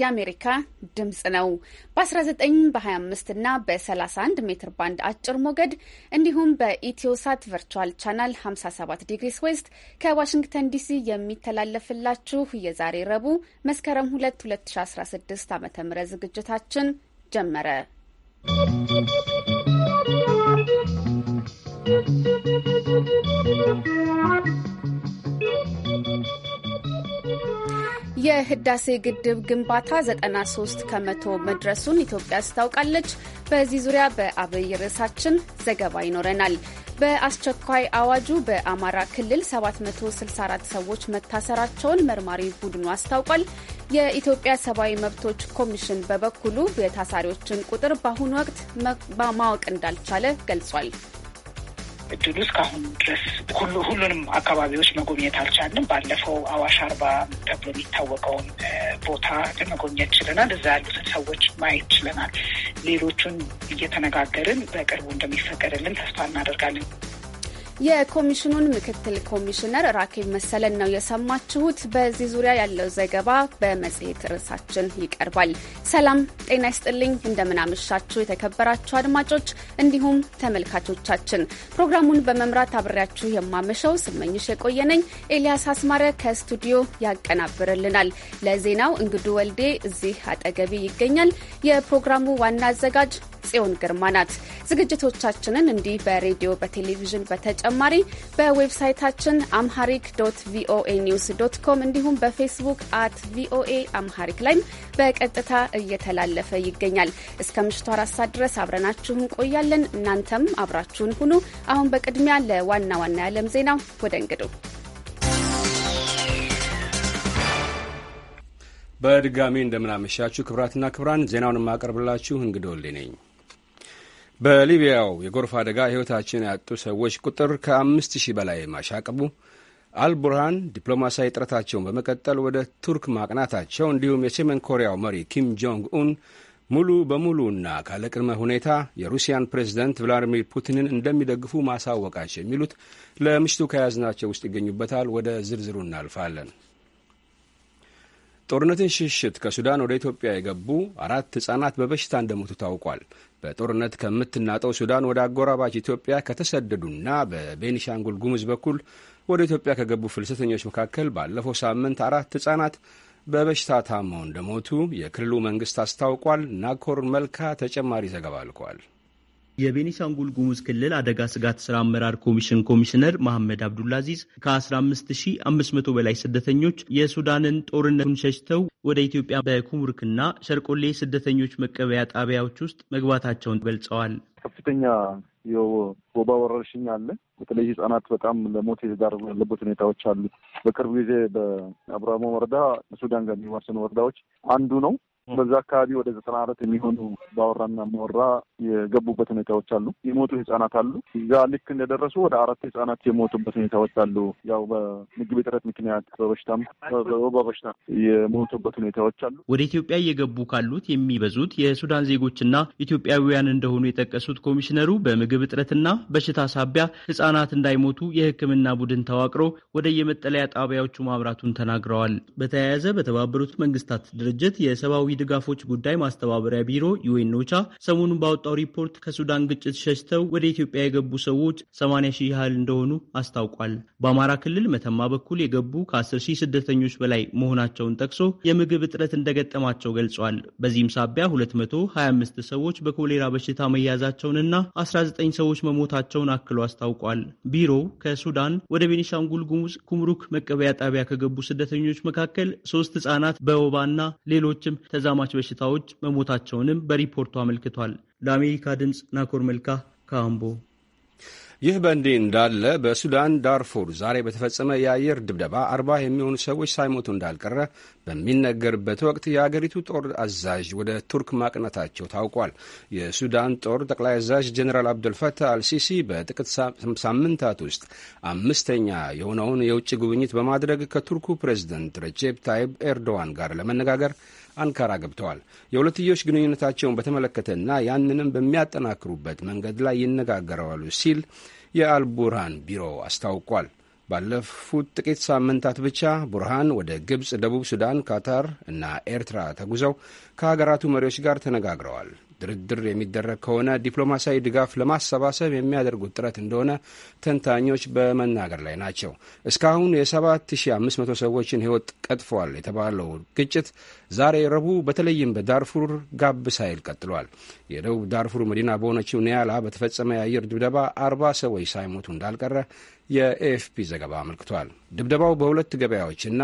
የአሜሪካ ድምጽ ነው። በ19 በ25 እና በ31 ሜትር ባንድ አጭር ሞገድ እንዲሁም በኢትዮሳት ቨርቹዋል ቻናል 57 ዲግሪስ ዌስት ከዋሽንግተን ዲሲ የሚተላለፍላችሁ የዛሬ ረቡዕ መስከረም 2 2016 ዓ ም ዝግጅታችን ጀመረ። ¶¶ የህዳሴ ግድብ ግንባታ 93 ከመቶ መድረሱን ኢትዮጵያ አስታውቃለች። በዚህ ዙሪያ በአብይ ርዕሳችን ዘገባ ይኖረናል። በአስቸኳይ አዋጁ በአማራ ክልል 764 ሰዎች መታሰራቸውን መርማሪ ቡድኑ አስታውቋል። የኢትዮጵያ ሰብአዊ መብቶች ኮሚሽን በበኩሉ የታሳሪዎችን ቁጥር በአሁኑ ወቅት ማወቅ እንዳልቻለ ገልጿል። እድሉ እስካሁን ድረስ ሁሉንም አካባቢዎች መጎብኘት አልቻልንም። ባለፈው አዋሽ አርባ ተብሎ የሚታወቀውን ቦታ ለመጎብኘት ችለናል። እዛ ያሉትን ሰዎች ማየት ችለናል። ሌሎቹን እየተነጋገርን በቅርቡ እንደሚፈቀድልን ተስፋ እናደርጋለን። የኮሚሽኑን ምክትል ኮሚሽነር ራኬብ መሰለን ነው የሰማችሁት። በዚህ ዙሪያ ያለው ዘገባ በመጽሔት ርዕሳችን ይቀርባል። ሰላም ጤና ይስጥልኝ። እንደምናመሻችሁ የተከበራችሁ አድማጮች እንዲሁም ተመልካቾቻችን። ፕሮግራሙን በመምራት አብሬያችሁ የማመሸው ስመኝሽ የቆየነኝ። ኤልያስ አስማረ ከስቱዲዮ ያቀናብርልናል። ለዜናው እንግዱ ወልዴ እዚህ አጠገቤ ይገኛል። የፕሮግራሙ ዋና አዘጋጅ ጽዮን ግርማ ናት። ዝግጅቶቻችንን እንዲህ በሬዲዮ በቴሌቪዥን በተጨማሪ በዌብሳይታችን አምሃሪክ ዶት ቪኦኤ ኒውስ ዶት ኮም እንዲሁም በፌስቡክ አት ቪኦኤ አምሃሪክ ላይም በቀጥታ እየተላለፈ ይገኛል። እስከ ምሽቱ አራት ሰዓት ድረስ አብረናችሁ እንቆያለን። እናንተም አብራችሁን ሁኑ። አሁን በቅድሚያ ለዋና ዋና የዓለም ዜናው ወደ እንግዱ በድጋሚ እንደምናመሻችሁ ክብራትና ክብራን ዜናውን የማቀርብላችሁ እንግዶ ነኝ። በሊቢያው የጎርፍ አደጋ ህይወታችን ያጡ ሰዎች ቁጥር ከአምስት ሺህ በላይ ማሻቀቡ አልቡርሃን ዲፕሎማሲያዊ ጥረታቸውን በመቀጠል ወደ ቱርክ ማቅናታቸው እንዲሁም የሰሜን ኮሪያው መሪ ኪም ጆንግ ኡን ሙሉ በሙሉና ካለቅድመ ሁኔታ የሩሲያን ፕሬዝደንት ቭላዲሚር ፑቲንን እንደሚደግፉ ማሳወቃቸው የሚሉት ለምሽቱ ከያዝናቸው ውስጥ ይገኙበታል። ወደ ዝርዝሩ እናልፋለን። ጦርነትን ሽሽት ከሱዳን ወደ ኢትዮጵያ የገቡ አራት ሕፃናት በበሽታ እንደሞቱ ታውቋል። በጦርነት ከምትናጠው ሱዳን ወደ አጎራባች ኢትዮጵያ ከተሰደዱና በቤኒሻንጉል ጉሙዝ በኩል ወደ ኢትዮጵያ ከገቡ ፍልሰተኞች መካከል ባለፈው ሳምንት አራት ሕፃናት በበሽታ ታመው እንደሞቱ የክልሉ መንግስት አስታውቋል። ናኮር መልካ ተጨማሪ ዘገባ ልኳል። የቤኒሻንጉል ጉሙዝ ክልል አደጋ ስጋት ስራ አመራር ኮሚሽን ኮሚሽነር መሐመድ አብዱላዚዝ ከ15500 በላይ ስደተኞች የሱዳንን ጦርነቱን ሸሽተው ወደ ኢትዮጵያ በኩምሩክና ሸርቆሌ ስደተኞች መቀበያ ጣቢያዎች ውስጥ መግባታቸውን ገልጸዋል። ከፍተኛ የወባ ወረርሽኝ አለ። በተለይ ህጻናት በጣም ለሞት የተዳረጉ ያለበት ሁኔታዎች አሉ። በቅርብ ጊዜ በአብርሃሞ ወረዳ ሱዳን ጋር የሚዋሰኑ ወረዳዎች አንዱ ነው። በዛ አካባቢ ወደ ዘጠና አራት የሚሆኑ ባወራና ማወራ የገቡበት ሁኔታዎች አሉ። የሞቱ ህጻናት አሉ። እዛ ልክ እንደደረሱ ወደ አራት ህጻናት የሞቱበት ሁኔታዎች አሉ። ያው በምግብ እጥረት ምክንያት በበሽታም በበሽታ የሞቱበት ሁኔታዎች አሉ። ወደ ኢትዮጵያ እየገቡ ካሉት የሚበዙት የሱዳን ዜጎችና ኢትዮጵያውያን እንደሆኑ የጠቀሱት ኮሚሽነሩ በምግብ እጥረትና በሽታ ሳቢያ ህጻናት እንዳይሞቱ የህክምና ቡድን ተዋቅሮ ወደ የመጠለያ ጣቢያዎቹ ማምራቱን ተናግረዋል። በተያያዘ በተባበሩት መንግስታት ድርጅት የሰብአዊ ድጋፎች ጉዳይ ማስተባበሪያ ቢሮ ዩኤንኦቻ ሰሞኑን ባወጣው ሪፖርት ከሱዳን ግጭት ሸሽተው ወደ ኢትዮጵያ የገቡ ሰዎች 80 ሺህ ያህል እንደሆኑ አስታውቋል። በአማራ ክልል መተማ በኩል የገቡ ከ10 ሺህ ስደተኞች በላይ መሆናቸውን ጠቅሶ የምግብ እጥረት እንደገጠማቸው ገልጿል። በዚህም ሳቢያ 225 ሰዎች በኮሌራ በሽታ መያዛቸውንና 19 ሰዎች መሞታቸውን አክሎ አስታውቋል። ቢሮው ከሱዳን ወደ ቤኒሻንጉል ጉሙዝ ኩምሩክ መቀበያ ጣቢያ ከገቡ ስደተኞች መካከል ሶስት ህጻናት በወባና ሌሎችም ተዛማች በሽታዎች መሞታቸውንም በሪፖርቱ አመልክቷል። ለአሜሪካ ድምፅ ናኮር መልካ ካምቦ። ይህ በእንዲህ እንዳለ በሱዳን ዳርፉር ዛሬ በተፈጸመ የአየር ድብደባ አርባ የሚሆኑ ሰዎች ሳይሞቱ እንዳልቀረ በሚነገርበት ወቅት የአገሪቱ ጦር አዛዥ ወደ ቱርክ ማቅናታቸው ታውቋል። የሱዳን ጦር ጠቅላይ አዛዥ ጀኔራል አብዱልፈታህ አልሲሲ በጥቂት ሳምንታት ውስጥ አምስተኛ የሆነውን የውጭ ጉብኝት በማድረግ ከቱርኩ ፕሬዚደንት ረጀፕ ታይብ ኤርዶዋን ጋር ለመነጋገር አንካራ ገብተዋል። የሁለትዮሽ ግንኙነታቸውን በተመለከተና ያንንም በሚያጠናክሩበት መንገድ ላይ ይነጋገረዋሉ ሲል የአልቡርሃን ቢሮ አስታውቋል። ባለፉት ጥቂት ሳምንታት ብቻ ቡርሃን ወደ ግብፅ፣ ደቡብ ሱዳን፣ ካታር እና ኤርትራ ተጉዘው ከሀገራቱ መሪዎች ጋር ተነጋግረዋል። ድርድር የሚደረግ ከሆነ ዲፕሎማሲያዊ ድጋፍ ለማሰባሰብ የሚያደርጉት ጥረት እንደሆነ ተንታኞች በመናገር ላይ ናቸው። እስካሁን የ7500 ሰዎችን ሕይወት ቀጥፏል የተባለው ግጭት ዛሬ ረቡዕ በተለይም በዳርፉር ጋብ ሳይል ቀጥሏል። የደቡብ ዳርፉር መዲና በሆነችው ኒያላ በተፈጸመ የአየር ድብደባ አርባ ሰዎች ሳይሞቱ እንዳልቀረ የኤኤፍፒ ዘገባ አመልክቷል። ድብደባው በሁለት ገበያዎችና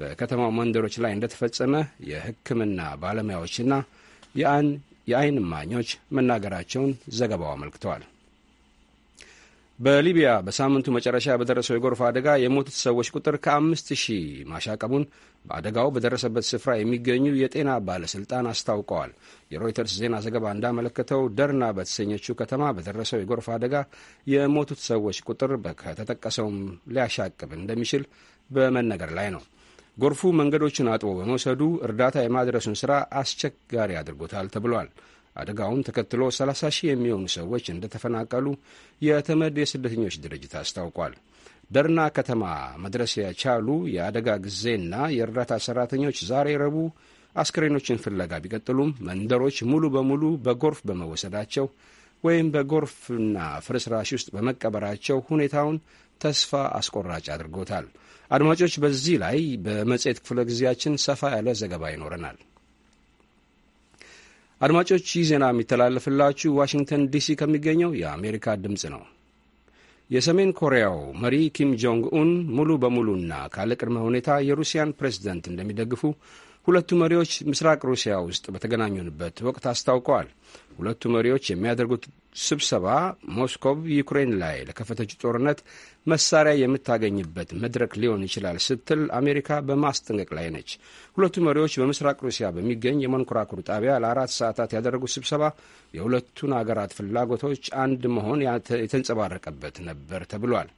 በከተማው መንደሮች ላይ እንደተፈጸመ የሕክምና ባለሙያዎችና የአን የአይን እማኞች መናገራቸውን ዘገባው አመልክተዋል። በሊቢያ በሳምንቱ መጨረሻ በደረሰው የጎርፍ አደጋ የሞቱት ሰዎች ቁጥር ከአምስት ሺህ ማሻቀቡን በአደጋው በደረሰበት ስፍራ የሚገኙ የጤና ባለሥልጣን አስታውቀዋል። የሮይተርስ ዜና ዘገባ እንዳመለከተው ደርና በተሰኘችው ከተማ በደረሰው የጎርፍ አደጋ የሞቱት ሰዎች ቁጥር ከተጠቀሰውም ሊያሻቅብ እንደሚችል በመነገር ላይ ነው። ጎርፉ መንገዶችን አጥቦ በመውሰዱ እርዳታ የማድረሱን ሥራ አስቸጋሪ አድርጎታል ተብሏል። አደጋውን ተከትሎ 30 ሺህ የሚሆኑ ሰዎች እንደተፈናቀሉ የተመድ የስደተኞች ድርጅት አስታውቋል። ደርና ከተማ መድረስ ያቻሉ የአደጋ ጊዜና የእርዳታ ሠራተኞች ዛሬ ረቡዕ አስክሬኖችን ፍለጋ ቢቀጥሉም መንደሮች ሙሉ በሙሉ በጎርፍ በመወሰዳቸው ወይም በጎርፍና ፍርስራሽ ውስጥ በመቀበራቸው ሁኔታውን ተስፋ አስቆራጭ አድርጎታል። አድማጮች፣ በዚህ ላይ በመጽሔት ክፍለ ጊዜያችን ሰፋ ያለ ዘገባ ይኖረናል። አድማጮች ይህ ዜና የሚተላለፍላችሁ ዋሽንግተን ዲሲ ከሚገኘው የአሜሪካ ድምፅ ነው። የሰሜን ኮሪያው መሪ ኪም ጆንግ ኡን ሙሉ በሙሉና ካለ ቅድመ ሁኔታ የሩሲያን ፕሬዝደንት እንደሚደግፉ ሁለቱ መሪዎች ምስራቅ ሩሲያ ውስጥ በተገናኙበት ወቅት አስታውቀዋል። ሁለቱ መሪዎች የሚያደርጉት ስብሰባ ሞስኮቭ ዩክሬን ላይ ለከፈተች ጦርነት መሳሪያ የምታገኝበት መድረክ ሊሆን ይችላል ስትል አሜሪካ በማስጠንቀቅ ላይ ነች። ሁለቱ መሪዎች በምስራቅ ሩሲያ በሚገኝ የመንኮራኩር ጣቢያ ለአራት ሰዓታት ያደረጉት ስብሰባ የሁለቱን አገራት ፍላጎቶች አንድ መሆን የተንጸባረቀበት ነበር ተብሏል።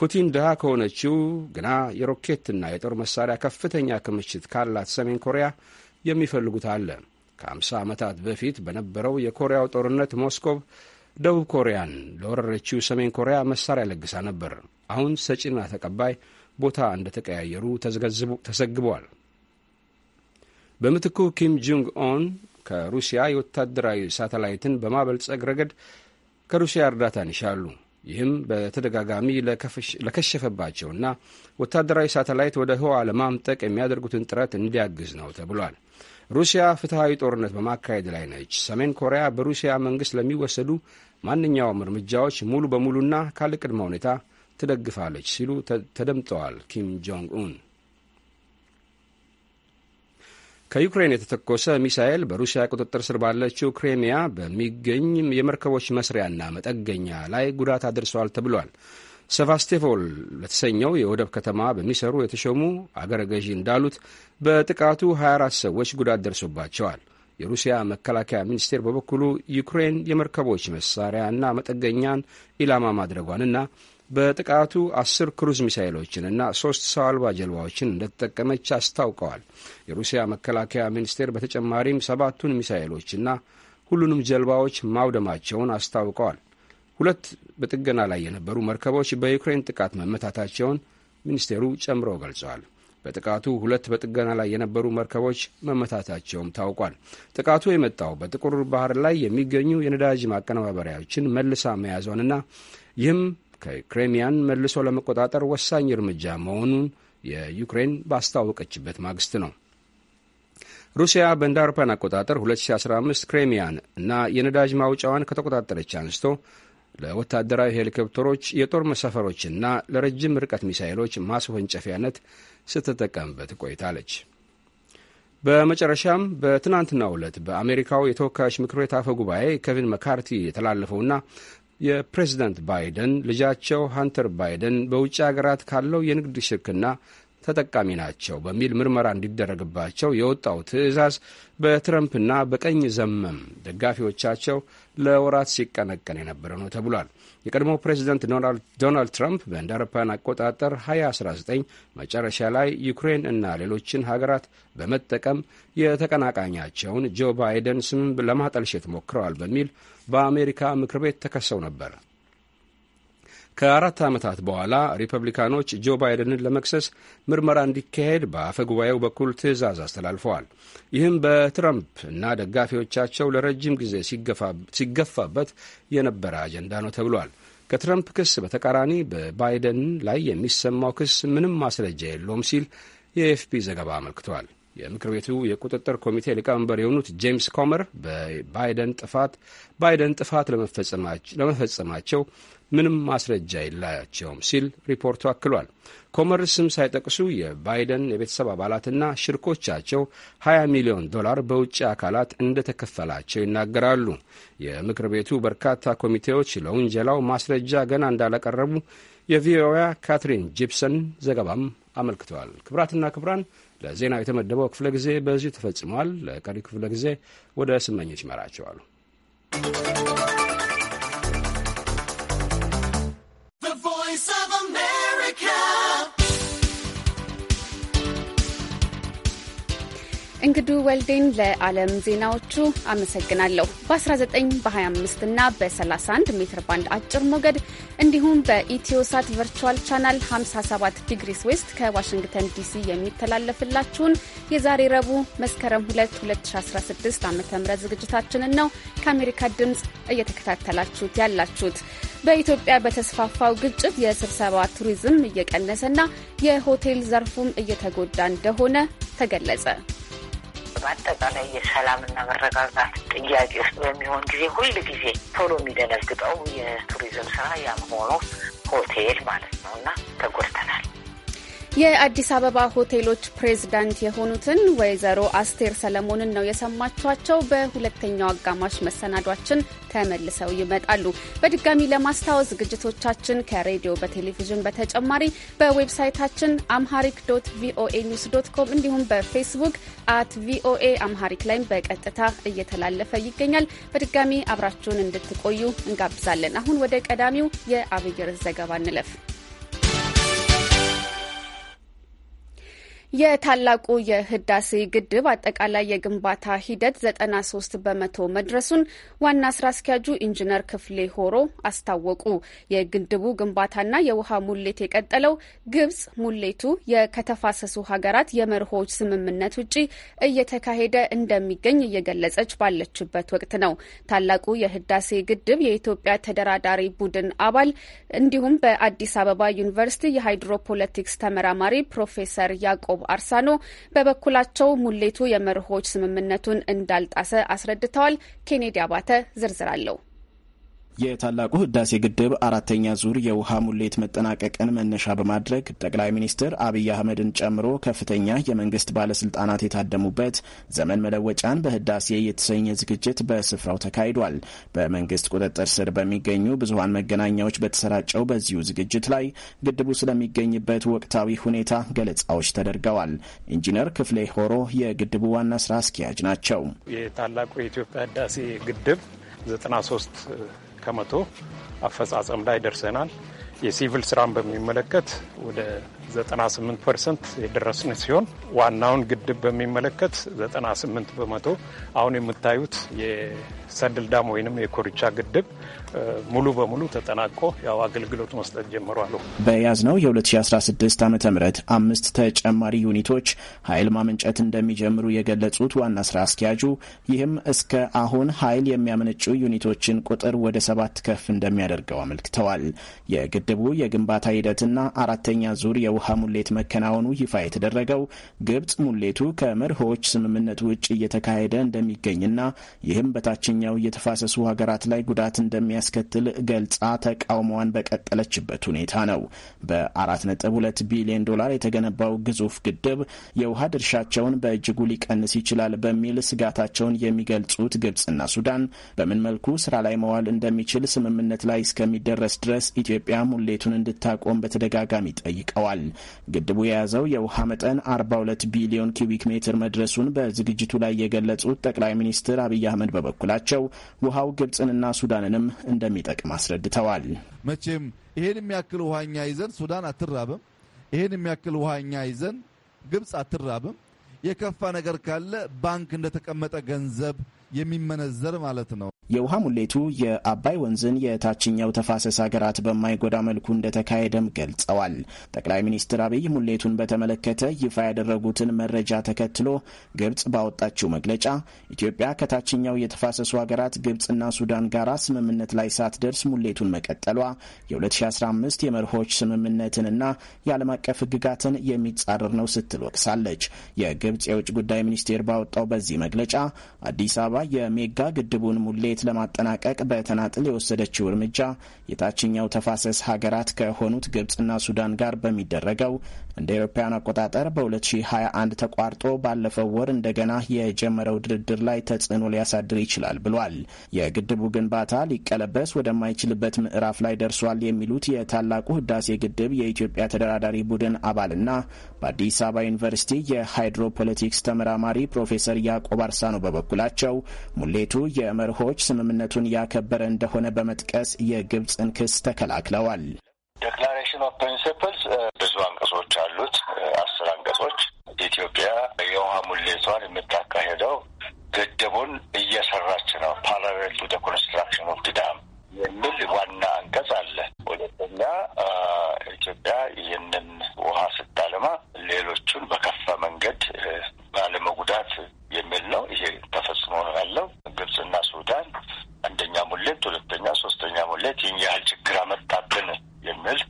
ፑቲን ድሃ ከሆነችው ግና የሮኬትና የጦር መሳሪያ ከፍተኛ ክምችት ካላት ሰሜን ኮሪያ የሚፈልጉት አለ ከ50 ዓመታት በፊት በነበረው የኮሪያው ጦርነት ሞስኮቭ ደቡብ ኮሪያን ለወረረችው ሰሜን ኮሪያ መሳሪያ ለግሳ ነበር። አሁን ሰጪና ተቀባይ ቦታ እንደተቀያየሩ ተዘግቧል። በምትኩ ኪም ጆንግ ኦን ከሩሲያ የወታደራዊ ሳተላይትን በማበልጸግ ረገድ ከሩሲያ እርዳታን ይሻሉ። ይህም በተደጋጋሚ ለከሸፈባቸውና ወታደራዊ ሳተላይት ወደ ህዋ ለማምጠቅ የሚያደርጉትን ጥረት እንዲያግዝ ነው ተብሏል። ሩሲያ ፍትሐዊ ጦርነት በማካሄድ ላይ ነች። ሰሜን ኮሪያ በሩሲያ መንግሥት ለሚወሰዱ ማንኛውም እርምጃዎች ሙሉ በሙሉና ካለ ቅድመ ሁኔታ ትደግፋለች ሲሉ ተደምጠዋል ኪም ጆንግ ኡን። ከዩክሬን የተተኮሰ ሚሳኤል በሩሲያ ቁጥጥር ስር ባለችው ክሬሚያ በሚገኝ የመርከቦች መስሪያና መጠገኛ ላይ ጉዳት አድርሰዋል ተብሏል። ሰቫስቴቮል በተሰኘው የወደብ ከተማ በሚሰሩ የተሾሙ አገረ ገዢ እንዳሉት በጥቃቱ 24 ሰዎች ጉዳት ደርሶባቸዋል። የሩሲያ መከላከያ ሚኒስቴር በበኩሉ ዩክሬን የመርከቦች መሳሪያና መጠገኛን ኢላማ ማድረጓንና በጥቃቱ አስር ክሩዝ ሚሳይሎችንና ሶስት ሰው አልባ ጀልባዎችን እንደተጠቀመች አስታውቀዋል። የሩሲያ መከላከያ ሚኒስቴር በተጨማሪም ሰባቱን ሚሳይሎችና ሁሉንም ጀልባዎች ማውደማቸውን አስታውቀዋል። ሁለት በጥገና ላይ የነበሩ መርከቦች በዩክሬን ጥቃት መመታታቸውን ሚኒስቴሩ ጨምሮ ገልጸዋል። በጥቃቱ ሁለት በጥገና ላይ የነበሩ መርከቦች መመታታቸውም ታውቋል። ጥቃቱ የመጣው በጥቁር ባህር ላይ የሚገኙ የነዳጅ ማቀነባበሪያዎችን መልሳ መያዟንና ይህም ከክሬሚያን መልሶ ለመቆጣጠር ወሳኝ እርምጃ መሆኑን የዩክሬን ባስታወቀችበት ማግስት ነው። ሩሲያ በእንደ አውሮፓውያን አቆጣጠር 2015 ክሬሚያን እና የነዳጅ ማውጫዋን ከተቆጣጠረች አንስቶ ለወታደራዊ ሄሊኮፕተሮች፣ የጦር መሳፈሮችና ለረጅም ርቀት ሚሳይሎች ማስወንጨፊያነት ስትጠቀምበት ቆይታለች። በመጨረሻም በትናንትናው ዕለት በአሜሪካው የተወካዮች ምክር ቤት አፈ ጉባኤ ኬቪን መካርቲ የተላለፈውና የፕሬዚዳንት ባይደን ልጃቸው ሀንተር ባይደን በውጭ ሀገራት ካለው የንግድ ሽርክና ተጠቃሚ ናቸው በሚል ምርመራ እንዲደረግባቸው የወጣው ትዕዛዝ በትረምፕና በቀኝ ዘመም ደጋፊዎቻቸው ለወራት ሲቀነቀን የነበረ ነው ተብሏል። የቀድሞው ፕሬዚደንት ዶናልድ ትራምፕ በእንደ አውሮፓውያን አቆጣጠር 2019 መጨረሻ ላይ ዩክሬን እና ሌሎችን ሀገራት በመጠቀም የተቀናቃኛቸውን ጆ ባይደን ስም ለማጠልሸት ሞክረዋል በሚል በአሜሪካ ምክር ቤት ተከሰው ነበር። ከአራት ዓመታት በኋላ ሪፐብሊካኖች ጆ ባይደንን ለመክሰስ ምርመራ እንዲካሄድ በአፈ ጉባኤው በኩል ትዕዛዝ አስተላልፈዋል። ይህም በትረምፕ እና ደጋፊዎቻቸው ለረጅም ጊዜ ሲገፋበት የነበረ አጀንዳ ነው ተብሏል። ከትረምፕ ክስ በተቃራኒ በባይደን ላይ የሚሰማው ክስ ምንም ማስረጃ የለውም ሲል የኤፍፒ ዘገባ አመልክቷል። የምክር ቤቱ የቁጥጥር ኮሚቴ ሊቀመንበር የሆኑት ጄምስ ኮመር በባይደን ጥፋት ባይደን ጥፋት ለመፈጸማቸው ምንም ማስረጃ የላቸውም ሲል ሪፖርቱ አክሏል። ኮመርስ ስም ሳይጠቅሱ የባይደን የቤተሰብ አባላትና ሽርኮቻቸው 20 ሚሊዮን ዶላር በውጭ አካላት እንደተከፈላቸው ይናገራሉ። የምክር ቤቱ በርካታ ኮሚቴዎች ለውንጀላው ማስረጃ ገና እንዳላቀረቡ የቪኦኤ ካትሪን ጂፕሰን ዘገባም አመልክተዋል። ክብራትና ክብራን ለዜናው የተመደበው ክፍለ ጊዜ በዚሁ ተፈጽሟል። ለቀሪ ክፍለ ጊዜ ወደ ስመኞች ይመራቸዋሉ። እንግዱ ወልዴን ለዓለም ዜናዎቹ አመሰግናለሁ። በ19 በ25 እና በ31 ሜትር ባንድ አጭር ሞገድ እንዲሁም በኢትዮሳት ቨርቹዋል ቻናል 57 ዲግሪስ ዌስት ከዋሽንግተን ዲሲ የሚተላለፍላችሁን የዛሬ ረቡዕ መስከረም 2 2016 ዓ ም ዝግጅታችንን ነው ከአሜሪካ ድምፅ እየተከታተላችሁት ያላችሁት። በኢትዮጵያ በተስፋፋው ግጭት የስብሰባ ቱሪዝም እየቀነሰና የሆቴል ዘርፉም እየተጎዳ እንደሆነ ተገለጸ። በአጠቃላይ የሰላምና መረጋጋት ጥያቄ ውስጥ በሚሆን ጊዜ ሁል ጊዜ ቶሎ የሚደነግጠው የቱሪዝም ስራ ያም ሆኖ ሆቴል ማለት ነው እና ተጎድተናል። የአዲስ አበባ ሆቴሎች ፕሬዝዳንት የሆኑትን ወይዘሮ አስቴር ሰለሞንን ነው የሰማችኋቸው። በሁለተኛው አጋማሽ መሰናዷችን ተመልሰው ይመጣሉ። በድጋሚ ለማስታወስ ዝግጅቶቻችን ከሬዲዮ በቴሌቪዥን በተጨማሪ በዌብሳይታችን አምሃሪክ ዶት ቪኦኤ ኒውስ ዶት ኮም እንዲሁም በፌስቡክ አት ቪኦኤ አምሃሪክ ላይም በቀጥታ እየተላለፈ ይገኛል። በድጋሚ አብራችሁን እንድትቆዩ እንጋብዛለን። አሁን ወደ ቀዳሚው የአብይር ዘገባ እንለፍ። የታላቁ የህዳሴ ግድብ አጠቃላይ የግንባታ ሂደት 93 በመቶ መድረሱን ዋና ስራ አስኪያጁ ኢንጂነር ክፍሌ ሆሮ አስታወቁ። የግድቡ ግንባታና የውሃ ሙሌት የቀጠለው ግብጽ ሙሌቱ ከተፋሰሱ ሀገራት የመርሆች ስምምነት ውጪ እየተካሄደ እንደሚገኝ እየገለጸች ባለችበት ወቅት ነው። ታላቁ የህዳሴ ግድብ የኢትዮጵያ ተደራዳሪ ቡድን አባል እንዲሁም በአዲስ አበባ ዩኒቨርሲቲ የሃይድሮፖለቲክስ ተመራማሪ ፕሮፌሰር ያዕቆብ አበባው አርሳኖ በበኩላቸው ሙሌቱ የመርሆች ስምምነቱን እንዳልጣሰ አስረድተዋል። ኬኔዲ አባተ ዝርዝር አለው። የታላቁ ህዳሴ ግድብ አራተኛ ዙር የውሃ ሙሌት መጠናቀቅን መነሻ በማድረግ ጠቅላይ ሚኒስትር አብይ አህመድን ጨምሮ ከፍተኛ የመንግስት ባለስልጣናት የታደሙበት ዘመን መለወጫን በህዳሴ የተሰኘ ዝግጅት በስፍራው ተካሂዷል። በመንግስት ቁጥጥር ስር በሚገኙ ብዙሀን መገናኛዎች በተሰራጨው በዚሁ ዝግጅት ላይ ግድቡ ስለሚገኝበት ወቅታዊ ሁኔታ ገለጻዎች ተደርገዋል። ኢንጂነር ክፍሌ ሆሮ የግድቡ ዋና ስራ አስኪያጅ ናቸው። የታላቁ የኢትዮጵያ ህዳሴ ግድብ 93 ከመቶ አፈጻጸም ላይ ደርሰናል። የሲቪል ስራን በሚመለከት ወደ 98 ፐርሰንት የደረስን ሲሆን ዋናውን ግድብ በሚመለከት 98 በመቶ አሁን የምታዩት የሰድል ዳም ወይንም የኮርቻ ግድብ ሙሉ በሙሉ ተጠናቆ ያው አገልግሎት መስጠት ጀምሯሉ። በያዝነው የ2016 ዓ ም አምስት ተጨማሪ ዩኒቶች ኃይል ማመንጨት እንደሚጀምሩ የገለጹት ዋና ስራ አስኪያጁ ይህም እስከ አሁን ኃይል የሚያመነጩ ዩኒቶችን ቁጥር ወደ ሰባት ከፍ እንደሚያደርገው አመልክተዋል። የግድቡ የግንባታ ሂደትና አራተኛ ዙር የውሃ ሙሌት መከናወኑ ይፋ የተደረገው ግብጽ ሙሌቱ ከመርሆዎች ስምምነት ውጭ እየተካሄደ እንደሚገኝና ይህም በታችኛው የተፋሰሱ ሀገራት ላይ ጉዳት እንደሚያ እንደሚያስከትል ገልጻ ተቃውሞዋን በቀጠለችበት ሁኔታ ነው። በ4.2 ቢሊዮን ዶላር የተገነባው ግዙፍ ግድብ የውሃ ድርሻቸውን በእጅጉ ሊቀንስ ይችላል በሚል ስጋታቸውን የሚገልጹት ግብጽና ሱዳን በምን መልኩ ስራ ላይ መዋል እንደሚችል ስምምነት ላይ እስከሚደረስ ድረስ ኢትዮጵያ ሙሌቱን እንድታቆም በተደጋጋሚ ጠይቀዋል። ግድቡ የያዘው የውሃ መጠን 42 ቢሊዮን ኪዩቢክ ሜትር መድረሱን በዝግጅቱ ላይ የገለጹት ጠቅላይ ሚኒስትር አብይ አህመድ በበኩላቸው ውሃው ግብጽንና ሱዳንንም እንደሚጠቅም አስረድተዋል። መቼም ይሄን የሚያክል ውሃኛ ይዘን ሱዳን አትራብም። ይሄን የሚያክል ውሃኛ ይዘን ግብፅ አትራብም። የከፋ ነገር ካለ ባንክ እንደተቀመጠ ገንዘብ የሚመነዘር ማለት ነው። የውሃ ሙሌቱ የአባይ ወንዝን የታችኛው ተፋሰስ ሀገራት በማይጎዳ መልኩ እንደተካሄደም ገልጸዋል። ጠቅላይ ሚኒስትር አብይ ሙሌቱን በተመለከተ ይፋ ያደረጉትን መረጃ ተከትሎ ግብጽ ባወጣችው መግለጫ ኢትዮጵያ ከታችኛው የተፋሰሱ ሀገራት ግብጽና ሱዳን ጋር ስምምነት ላይ ሳትደርስ ሙሌቱን መቀጠሏ የ2015 የመርሆች ስምምነትንና የዓለም አቀፍ ህግጋትን የሚጻረር ነው ስትል ወቅሳለች። የግብጽ የውጭ ጉዳይ ሚኒስቴር ባወጣው በዚህ መግለጫ አዲስ አበባ የሜጋ ግድቡን ሙሌት ግጭት ለማጠናቀቅ በተናጥል የወሰደችው እርምጃ የታችኛው ተፋሰስ ሀገራት ከሆኑት ግብፅና ሱዳን ጋር በሚደረገው እንደ ኤሮፓውያን አቆጣጠር በ2021 ተቋርጦ ባለፈው ወር እንደገና የጀመረው ድርድር ላይ ተጽዕኖ ሊያሳድር ይችላል ብሏል። የግድቡ ግንባታ ሊቀለበስ ወደማይችልበት ምዕራፍ ላይ ደርሷል የሚሉት የታላቁ ህዳሴ ግድብ የኢትዮጵያ ተደራዳሪ ቡድን አባልና በአዲስ አበባ ዩኒቨርሲቲ የሃይድሮፖለቲክስ ተመራማሪ ፕሮፌሰር ያዕቆብ አርሳኖ በበኩላቸው ሙሌቱ የመርሆች ስምምነቱን ያከበረ እንደሆነ በመጥቀስ የግብፅን ክስ ተከላክለዋል። ዴክላሬሽን ኦፍ ፕሪንስፕልስ ብዙ አንቀጾች አሉት፣ uh, አስር አንቀጾች። ኢትዮጵያ የውሃ ሙሌቷን የምታካሄደው ገደቡን እየሰራች ነው፣ ፓራሌል ቱ ኮንስትራክሽን ኦፍ ዳም የሚል ዋና አንቀጽ አለ። ሁለተኛ uh, ኢትዮጵያ ይህንን ውሃ ስታለማ ሌሎቹን በከፋ መንገድ uh, ባለመጉዳት የሚል ነው። ይሄ ተፈጽሞ ነው ያለው። ግብጽና ሱዳን አንደኛ ሙሌት፣ ሁለተኛ፣ ሶስተኛ ሙሌት ይህን ያህል ችግር አመጣብን የሚል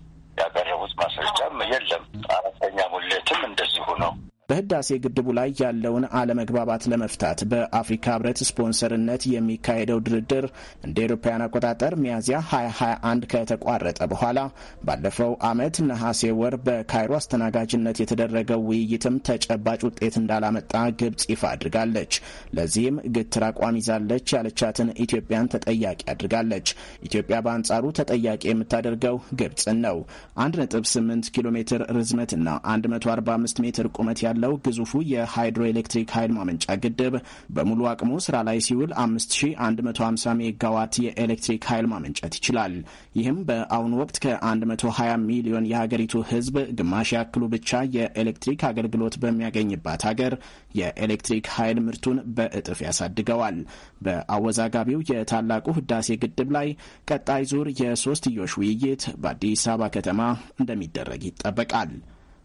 ያቀረቡት ማስረጃም የለም። አራተኛ ሙሌትም እንደዚሁ ነው። በህዳሴ ግድቡ ላይ ያለውን አለመግባባት ለመፍታት በአፍሪካ ህብረት ስፖንሰርነት የሚካሄደው ድርድር እንደ ኤሮፓውያን አቆጣጠር ሚያዝያ 2021 ከተቋረጠ በኋላ ባለፈው አመት ነሐሴ ወር በካይሮ አስተናጋጅነት የተደረገው ውይይትም ተጨባጭ ውጤት እንዳላመጣ ግብጽ ይፋ አድርጋለች። ለዚህም ግትር አቋም ይዛለች ያለቻትን ኢትዮጵያን ተጠያቂ አድርጋለች። ኢትዮጵያ በአንጻሩ ተጠያቂ የምታደርገው ግብጽን ነው። 1.8 ኪሎ ሜትር ርዝመትና 145 ሜትር ቁመት ያለ ያለው ግዙፉ የሃይድሮኤሌክትሪክ ኃይል ማመንጫ ግድብ በሙሉ አቅሙ ስራ ላይ ሲውል 5150 ሜጋዋት የኤሌክትሪክ ኃይል ማመንጨት ይችላል። ይህም በአሁኑ ወቅት ከ120 ሚሊዮን የሀገሪቱ ህዝብ ግማሽ ያክሉ ብቻ የኤሌክትሪክ አገልግሎት በሚያገኝባት ሀገር የኤሌክትሪክ ኃይል ምርቱን በእጥፍ ያሳድገዋል። በአወዛጋቢው የታላቁ ህዳሴ ግድብ ላይ ቀጣይ ዙር የሶስትዮሽ ውይይት በአዲስ አበባ ከተማ እንደሚደረግ ይጠበቃል።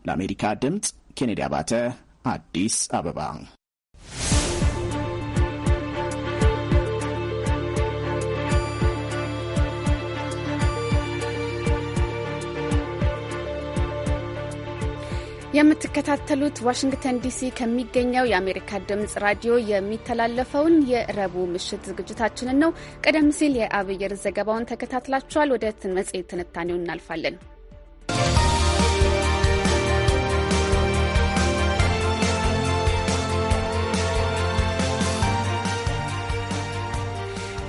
ለአሜሪካ ድምፅ ኬኔዲ አባተ አዲስ አበባ። የምትከታተሉት ዋሽንግተን ዲሲ ከሚገኘው የአሜሪካ ድምጽ ራዲዮ የሚተላለፈውን የረቡ ምሽት ዝግጅታችንን ነው። ቀደም ሲል የአብየር ዘገባውን ተከታትላችኋል። ወደ መጽሔት ትንታኔው እናልፋለን።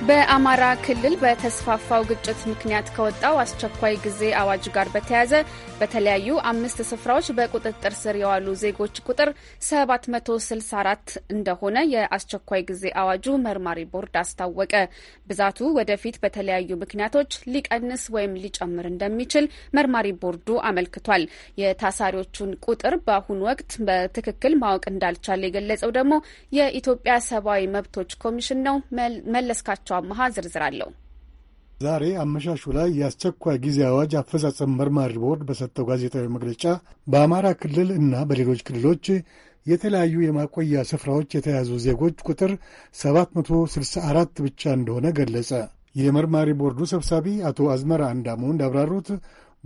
በአማራ ክልል በተስፋፋው ግጭት ምክንያት ከወጣው አስቸኳይ ጊዜ አዋጅ ጋር በተያያዘ በተለያዩ አምስት ስፍራዎች በቁጥጥር ስር የዋሉ ዜጎች ቁጥር 764 እንደሆነ የአስቸኳይ ጊዜ አዋጁ መርማሪ ቦርድ አስታወቀ። ብዛቱ ወደፊት በተለያዩ ምክንያቶች ሊቀንስ ወይም ሊጨምር እንደሚችል መርማሪ ቦርዱ አመልክቷል። የታሳሪዎቹን ቁጥር በአሁኑ ወቅት በትክክል ማወቅ እንዳልቻለ የገለጸው ደግሞ የኢትዮጵያ ሰብአዊ መብቶች ኮሚሽን ነው። መለስካቸው አመሃ ዝርዝር አለው። ዛሬ አመሻሹ ላይ የአስቸኳይ ጊዜ አዋጅ አፈጻጸም መርማሪ ቦርድ በሰጠው ጋዜጣዊ መግለጫ በአማራ ክልል እና በሌሎች ክልሎች የተለያዩ የማቆያ ስፍራዎች የተያዙ ዜጎች ቁጥር 764 ብቻ እንደሆነ ገለጸ። የመርማሪ ቦርዱ ሰብሳቢ አቶ አዝመራ አንዳሙ እንዳብራሩት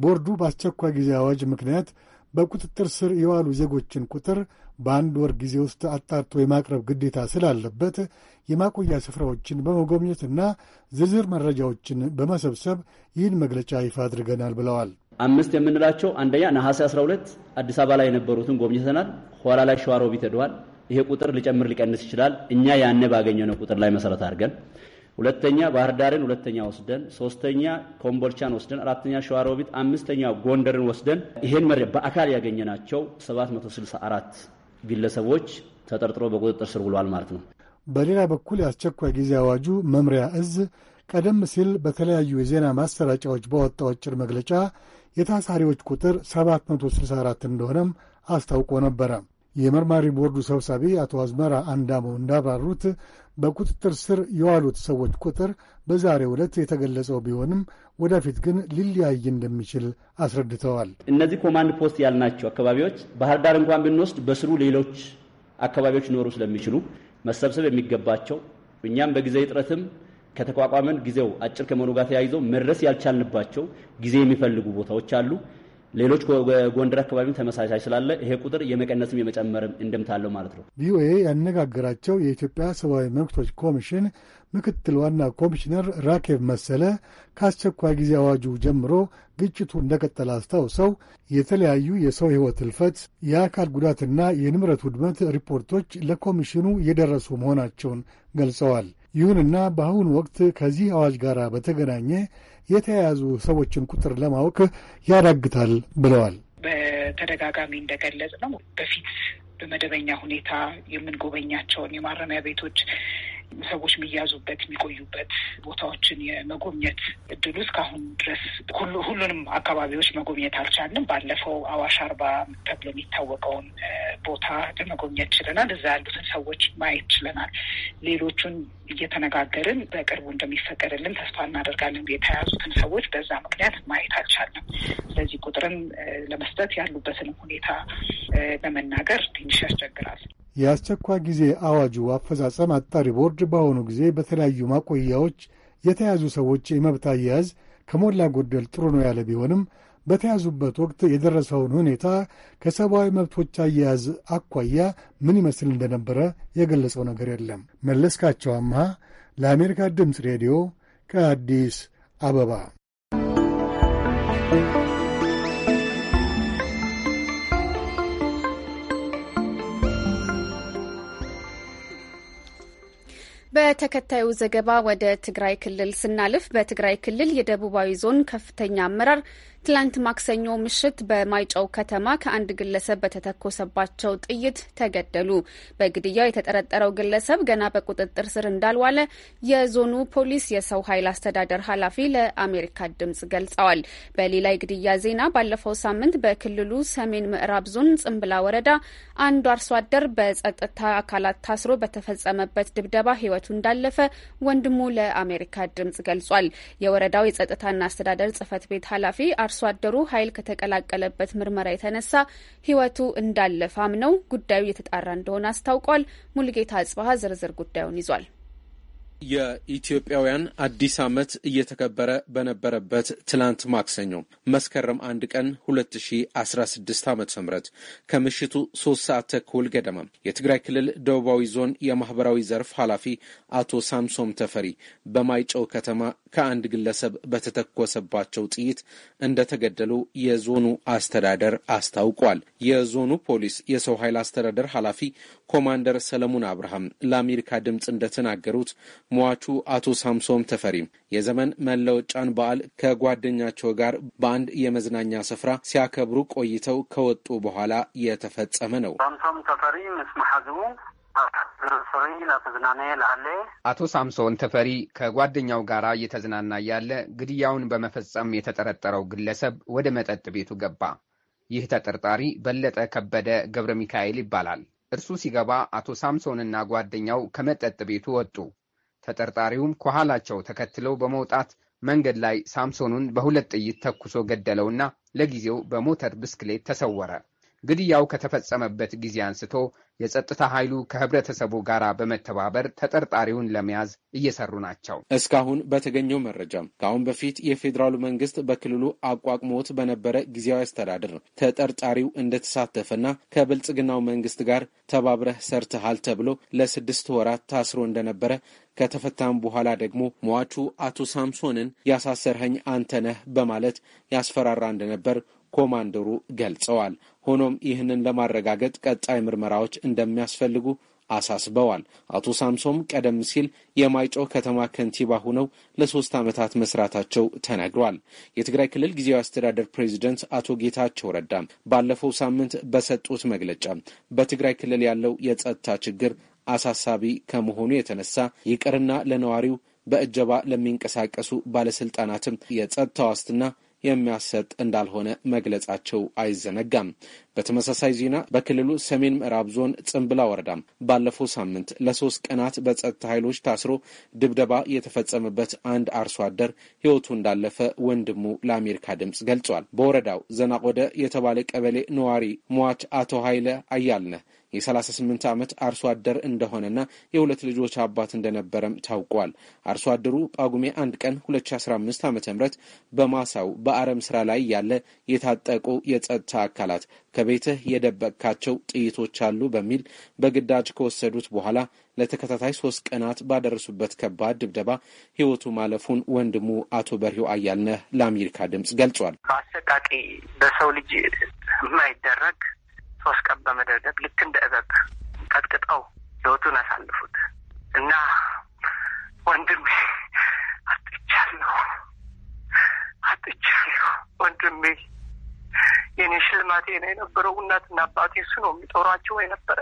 ቦርዱ በአስቸኳይ ጊዜ አዋጅ ምክንያት በቁጥጥር ስር የዋሉ ዜጎችን ቁጥር በአንድ ወር ጊዜ ውስጥ አጣርቶ የማቅረብ ግዴታ ስላለበት የማቆያ ስፍራዎችን በመጎብኘትና ዝርዝር መረጃዎችን በመሰብሰብ ይህን መግለጫ ይፋ አድርገናል ብለዋል። አምስት የምንላቸው አንደኛ ነሐሴ 12 አዲስ አበባ ላይ የነበሩትን ጎብኝተናል። ኋላ ላይ ሸዋሮቢት ሄደዋል። ይሄ ቁጥር ሊጨምር ሊቀንስ ይችላል። እኛ ያነ ባገኘነው ቁጥር ላይ መሰረት አድርገን ሁለተኛ ባህር ዳርን ሁለተኛ ወስደን፣ ሶስተኛ ኮምቦልቻን ወስደን፣ አራተኛ ሸዋሮቢት፣ አምስተኛ ጎንደርን ወስደን ይሄን መሪ በአካል ያገኘናቸው 764 ግለሰቦች ተጠርጥሮ በቁጥጥር ስር ውሏል ማለት ነው። በሌላ በኩል የአስቸኳይ ጊዜ አዋጁ መምሪያ እዝ ቀደም ሲል በተለያዩ የዜና ማሰራጫዎች በወጣው አጭር መግለጫ የታሳሪዎች ቁጥር 764 እንደሆነም አስታውቆ ነበረ። የመርማሪ ቦርዱ ሰብሳቢ አቶ አዝመራ አንዳሞ እንዳብራሩት በቁጥጥር ስር የዋሉት ሰዎች ቁጥር በዛሬ ዕለት የተገለጸው ቢሆንም ወደፊት ግን ሊለያይ እንደሚችል አስረድተዋል። እነዚህ ኮማንድ ፖስት ያልናቸው አካባቢዎች ባህር ዳር እንኳን ብንወስድ በስሩ ሌሎች አካባቢዎች ሊኖሩ ስለሚችሉ መሰብሰብ የሚገባቸው እኛም በጊዜ እጥረትም ከተቋቋመን ጊዜው አጭር ከመሆኑ ጋር ተያይዘው መድረስ ያልቻልንባቸው ጊዜ የሚፈልጉ ቦታዎች አሉ። ሌሎች ጎንደር አካባቢም ተመሳሳይ ስላለ ይሄ ቁጥር የመቀነስም የመጨመርም እንደምታለው ማለት ነው። ቪኦኤ ያነጋገራቸው የኢትዮጵያ ሰብአዊ መብቶች ኮሚሽን ምክትል ዋና ኮሚሽነር ራኬብ መሰለ ከአስቸኳይ ጊዜ አዋጁ ጀምሮ ግጭቱ እንደቀጠለ አስታውሰው የተለያዩ የሰው ሕይወት እልፈት፣ የአካል ጉዳትና የንብረት ውድመት ሪፖርቶች ለኮሚሽኑ የደረሱ መሆናቸውን ገልጸዋል። ይሁንና በአሁኑ ወቅት ከዚህ አዋጅ ጋር በተገናኘ የተያያዙ ሰዎችን ቁጥር ለማወቅ ያዳግታል ብለዋል። በተደጋጋሚ እንደገለጽ ነው በፊት በመደበኛ ሁኔታ የምንጎበኛቸውን የማረሚያ ቤቶች ሰዎች የሚያዙበት የሚቆዩበት ቦታዎችን የመጎብኘት እድሉ እስካሁን ድረስ ሁሉንም አካባቢዎች መጎብኘት አልቻልንም። ባለፈው አዋሽ አርባ ተብሎ የሚታወቀውን ቦታ ለመጎብኘት ችለናል። እዛ ያሉትን ሰዎች ማየት ችለናል። ሌሎቹን እየተነጋገርን በቅርቡ እንደሚፈቀድልን ተስፋ እናደርጋለን። የተያዙትን ሰዎች በዛ ምክንያት ማየት አልቻለም። ስለዚህ ቁጥርን ለመስጠት ያሉበትንም ሁኔታ ለመናገር ትንሽ ያስቸግራል። የአስቸኳይ ጊዜ አዋጁ አፈጻጸም አጣሪ ቦርድ በአሁኑ ጊዜ በተለያዩ ማቆያዎች የተያዙ ሰዎች የመብት አያያዝ ከሞላ ጎደል ጥሩ ነው ያለ ቢሆንም በተያዙበት ወቅት የደረሰውን ሁኔታ ከሰብአዊ መብቶች አያያዝ አኳያ ምን ይመስል እንደነበረ የገለጸው ነገር የለም። መለስካቸው አምሃ ለአሜሪካ ድምፅ ሬዲዮ ከአዲስ አበባ በተከታዩ ዘገባ ወደ ትግራይ ክልል ስናልፍ በትግራይ ክልል የደቡባዊ ዞን ከፍተኛ አመራር ትላንት ማክሰኞ ምሽት በማይጨው ከተማ ከአንድ ግለሰብ በተተኮሰባቸው ጥይት ተገደሉ። በግድያው የተጠረጠረው ግለሰብ ገና በቁጥጥር ስር እንዳልዋለ የዞኑ ፖሊስ የሰው ኃይል አስተዳደር ኃላፊ ለአሜሪካ ድምጽ ገልጸዋል። በሌላ የግድያ ዜና ባለፈው ሳምንት በክልሉ ሰሜን ምዕራብ ዞን ጽንብላ ወረዳ አንዱ አርሶ አደር በጸጥታ አካላት ታስሮ በተፈጸመበት ድብደባ ሕይወቱ እንዳለፈ ወንድሙ ለአሜሪካ ድምጽ ገልጿል። የወረዳው የጸጥታና አስተዳደር ጽህፈት ቤት ኃላፊ አርሶ አደሩ ኃይል ከተቀላቀለበት ምርመራ የተነሳ ህይወቱ እንዳለፈ አምነው ጉዳዩ እየተጣራ እንደሆነ አስታውቋል። ሙልጌታ አጽባሀ ዝርዝር ጉዳዩን ይዟል። የኢትዮጵያውያን አዲስ ዓመት እየተከበረ በነበረበት ትላንት ማክሰኞ መስከረም አንድ ቀን 2016 ዓ ም ከምሽቱ ሶስት ሰዓት ተኩል ገደማ የትግራይ ክልል ደቡባዊ ዞን የማህበራዊ ዘርፍ ኃላፊ አቶ ሳምሶም ተፈሪ በማይጨው ከተማ ከአንድ ግለሰብ በተተኮሰባቸው ጥይት እንደተገደሉ የዞኑ አስተዳደር አስታውቋል። የዞኑ ፖሊስ የሰው ኃይል አስተዳደር ኃላፊ ኮማንደር ሰለሞን አብርሃም ለአሜሪካ ድምፅ እንደተናገሩት ሟቹ አቶ ሳምሶም ተፈሪ የዘመን መለወጫን በዓል ከጓደኛቸው ጋር በአንድ የመዝናኛ ስፍራ ሲያከብሩ ቆይተው ከወጡ በኋላ የተፈጸመ ነው። ሳምሶም ተፈሪ ምስ አቶ ሳምሶን ተፈሪ ከጓደኛው ጋር እየተዝናና ያለ ግድያውን በመፈጸም የተጠረጠረው ግለሰብ ወደ መጠጥ ቤቱ ገባ። ይህ ተጠርጣሪ በለጠ ከበደ ገብረ ሚካኤል ይባላል። እርሱ ሲገባ አቶ ሳምሶንና ጓደኛው ከመጠጥ ቤቱ ወጡ። ተጠርጣሪውም ከኋላቸው ተከትለው በመውጣት መንገድ ላይ ሳምሶኑን በሁለት ጥይት ተኩሶ ገደለውና ለጊዜው በሞተር ብስክሌት ተሰወረ። ግድያው ከተፈጸመበት ጊዜ አንስቶ የጸጥታ ኃይሉ ከህብረተሰቡ ጋር በመተባበር ተጠርጣሪውን ለመያዝ እየሰሩ ናቸው። እስካሁን በተገኘው መረጃ ከአሁን በፊት የፌዴራሉ መንግስት በክልሉ አቋቁሞት በነበረ ጊዜያዊ አስተዳደር ተጠርጣሪው እንደተሳተፈና ከብልጽግናው መንግስት ጋር ተባብረህ ሰርተሃል ተብሎ ለስድስት ወራት ታስሮ እንደነበረ ከተፈታም በኋላ ደግሞ ሟቹ አቶ ሳምሶንን ያሳሰርኸኝ አንተነህ በማለት ያስፈራራ እንደነበር ኮማንደሩ ገልጸዋል። ሆኖም ይህንን ለማረጋገጥ ቀጣይ ምርመራዎች እንደሚያስፈልጉ አሳስበዋል። አቶ ሳምሶም ቀደም ሲል የማይጮ ከተማ ከንቲባ ሆነው ለሶስት ዓመታት መስራታቸው ተነግሯል። የትግራይ ክልል ጊዜያዊ አስተዳደር ፕሬዚደንት አቶ ጌታቸው ረዳ ባለፈው ሳምንት በሰጡት መግለጫ በትግራይ ክልል ያለው የጸጥታ ችግር አሳሳቢ ከመሆኑ የተነሳ ይቅርና ለነዋሪው በእጀባ ለሚንቀሳቀሱ ባለስልጣናትም የጸጥታ ዋስትና የሚያሰጥ እንዳልሆነ መግለጻቸው አይዘነጋም። በተመሳሳይ ዜና በክልሉ ሰሜን ምዕራብ ዞን ጽንብላ ወረዳም ባለፈው ሳምንት ለሶስት ቀናት በጸጥታ ኃይሎች ታስሮ ድብደባ የተፈጸመበት አንድ አርሶ አደር ሕይወቱ እንዳለፈ ወንድሙ ለአሜሪካ ድምፅ ገልጿል። በወረዳው ዘናቆደ የተባለ ቀበሌ ነዋሪ ሟች አቶ ኃይለ አያልነህ የ38 ዓመት አርሶ አደር እንደሆነና የሁለት ልጆች አባት እንደነበረም ታውቋል። አርሶ አደሩ ጳጉሜ አንድ ቀን 2015 ዓ ም በማሳው በአረም ስራ ላይ ያለ የታጠቁ የጸጥታ አካላት ከቤትህ የደበቅካቸው ጥይቶች አሉ በሚል በግዳጅ ከወሰዱት በኋላ ለተከታታይ ሶስት ቀናት ባደረሱበት ከባድ ድብደባ ህይወቱ ማለፉን ወንድሙ አቶ በርሂው አያልነህ ለአሜሪካ ድምፅ ገልጿል። በአሰቃቂ በሰው ልጅ የማይደረግ ሶስት ቀን በመደብደብ ልክ እንደ እበብ ቀጥቅጠው ህይወቱን አሳልፉት እና ወንድሜ አጥቻለሁ፣ አጥቻለሁ ወንድሜ። የኔ ሽልማቴ ነው የነበረው። እናትና አባቴ እሱ ነው የሚጦሯቸው የነበረ።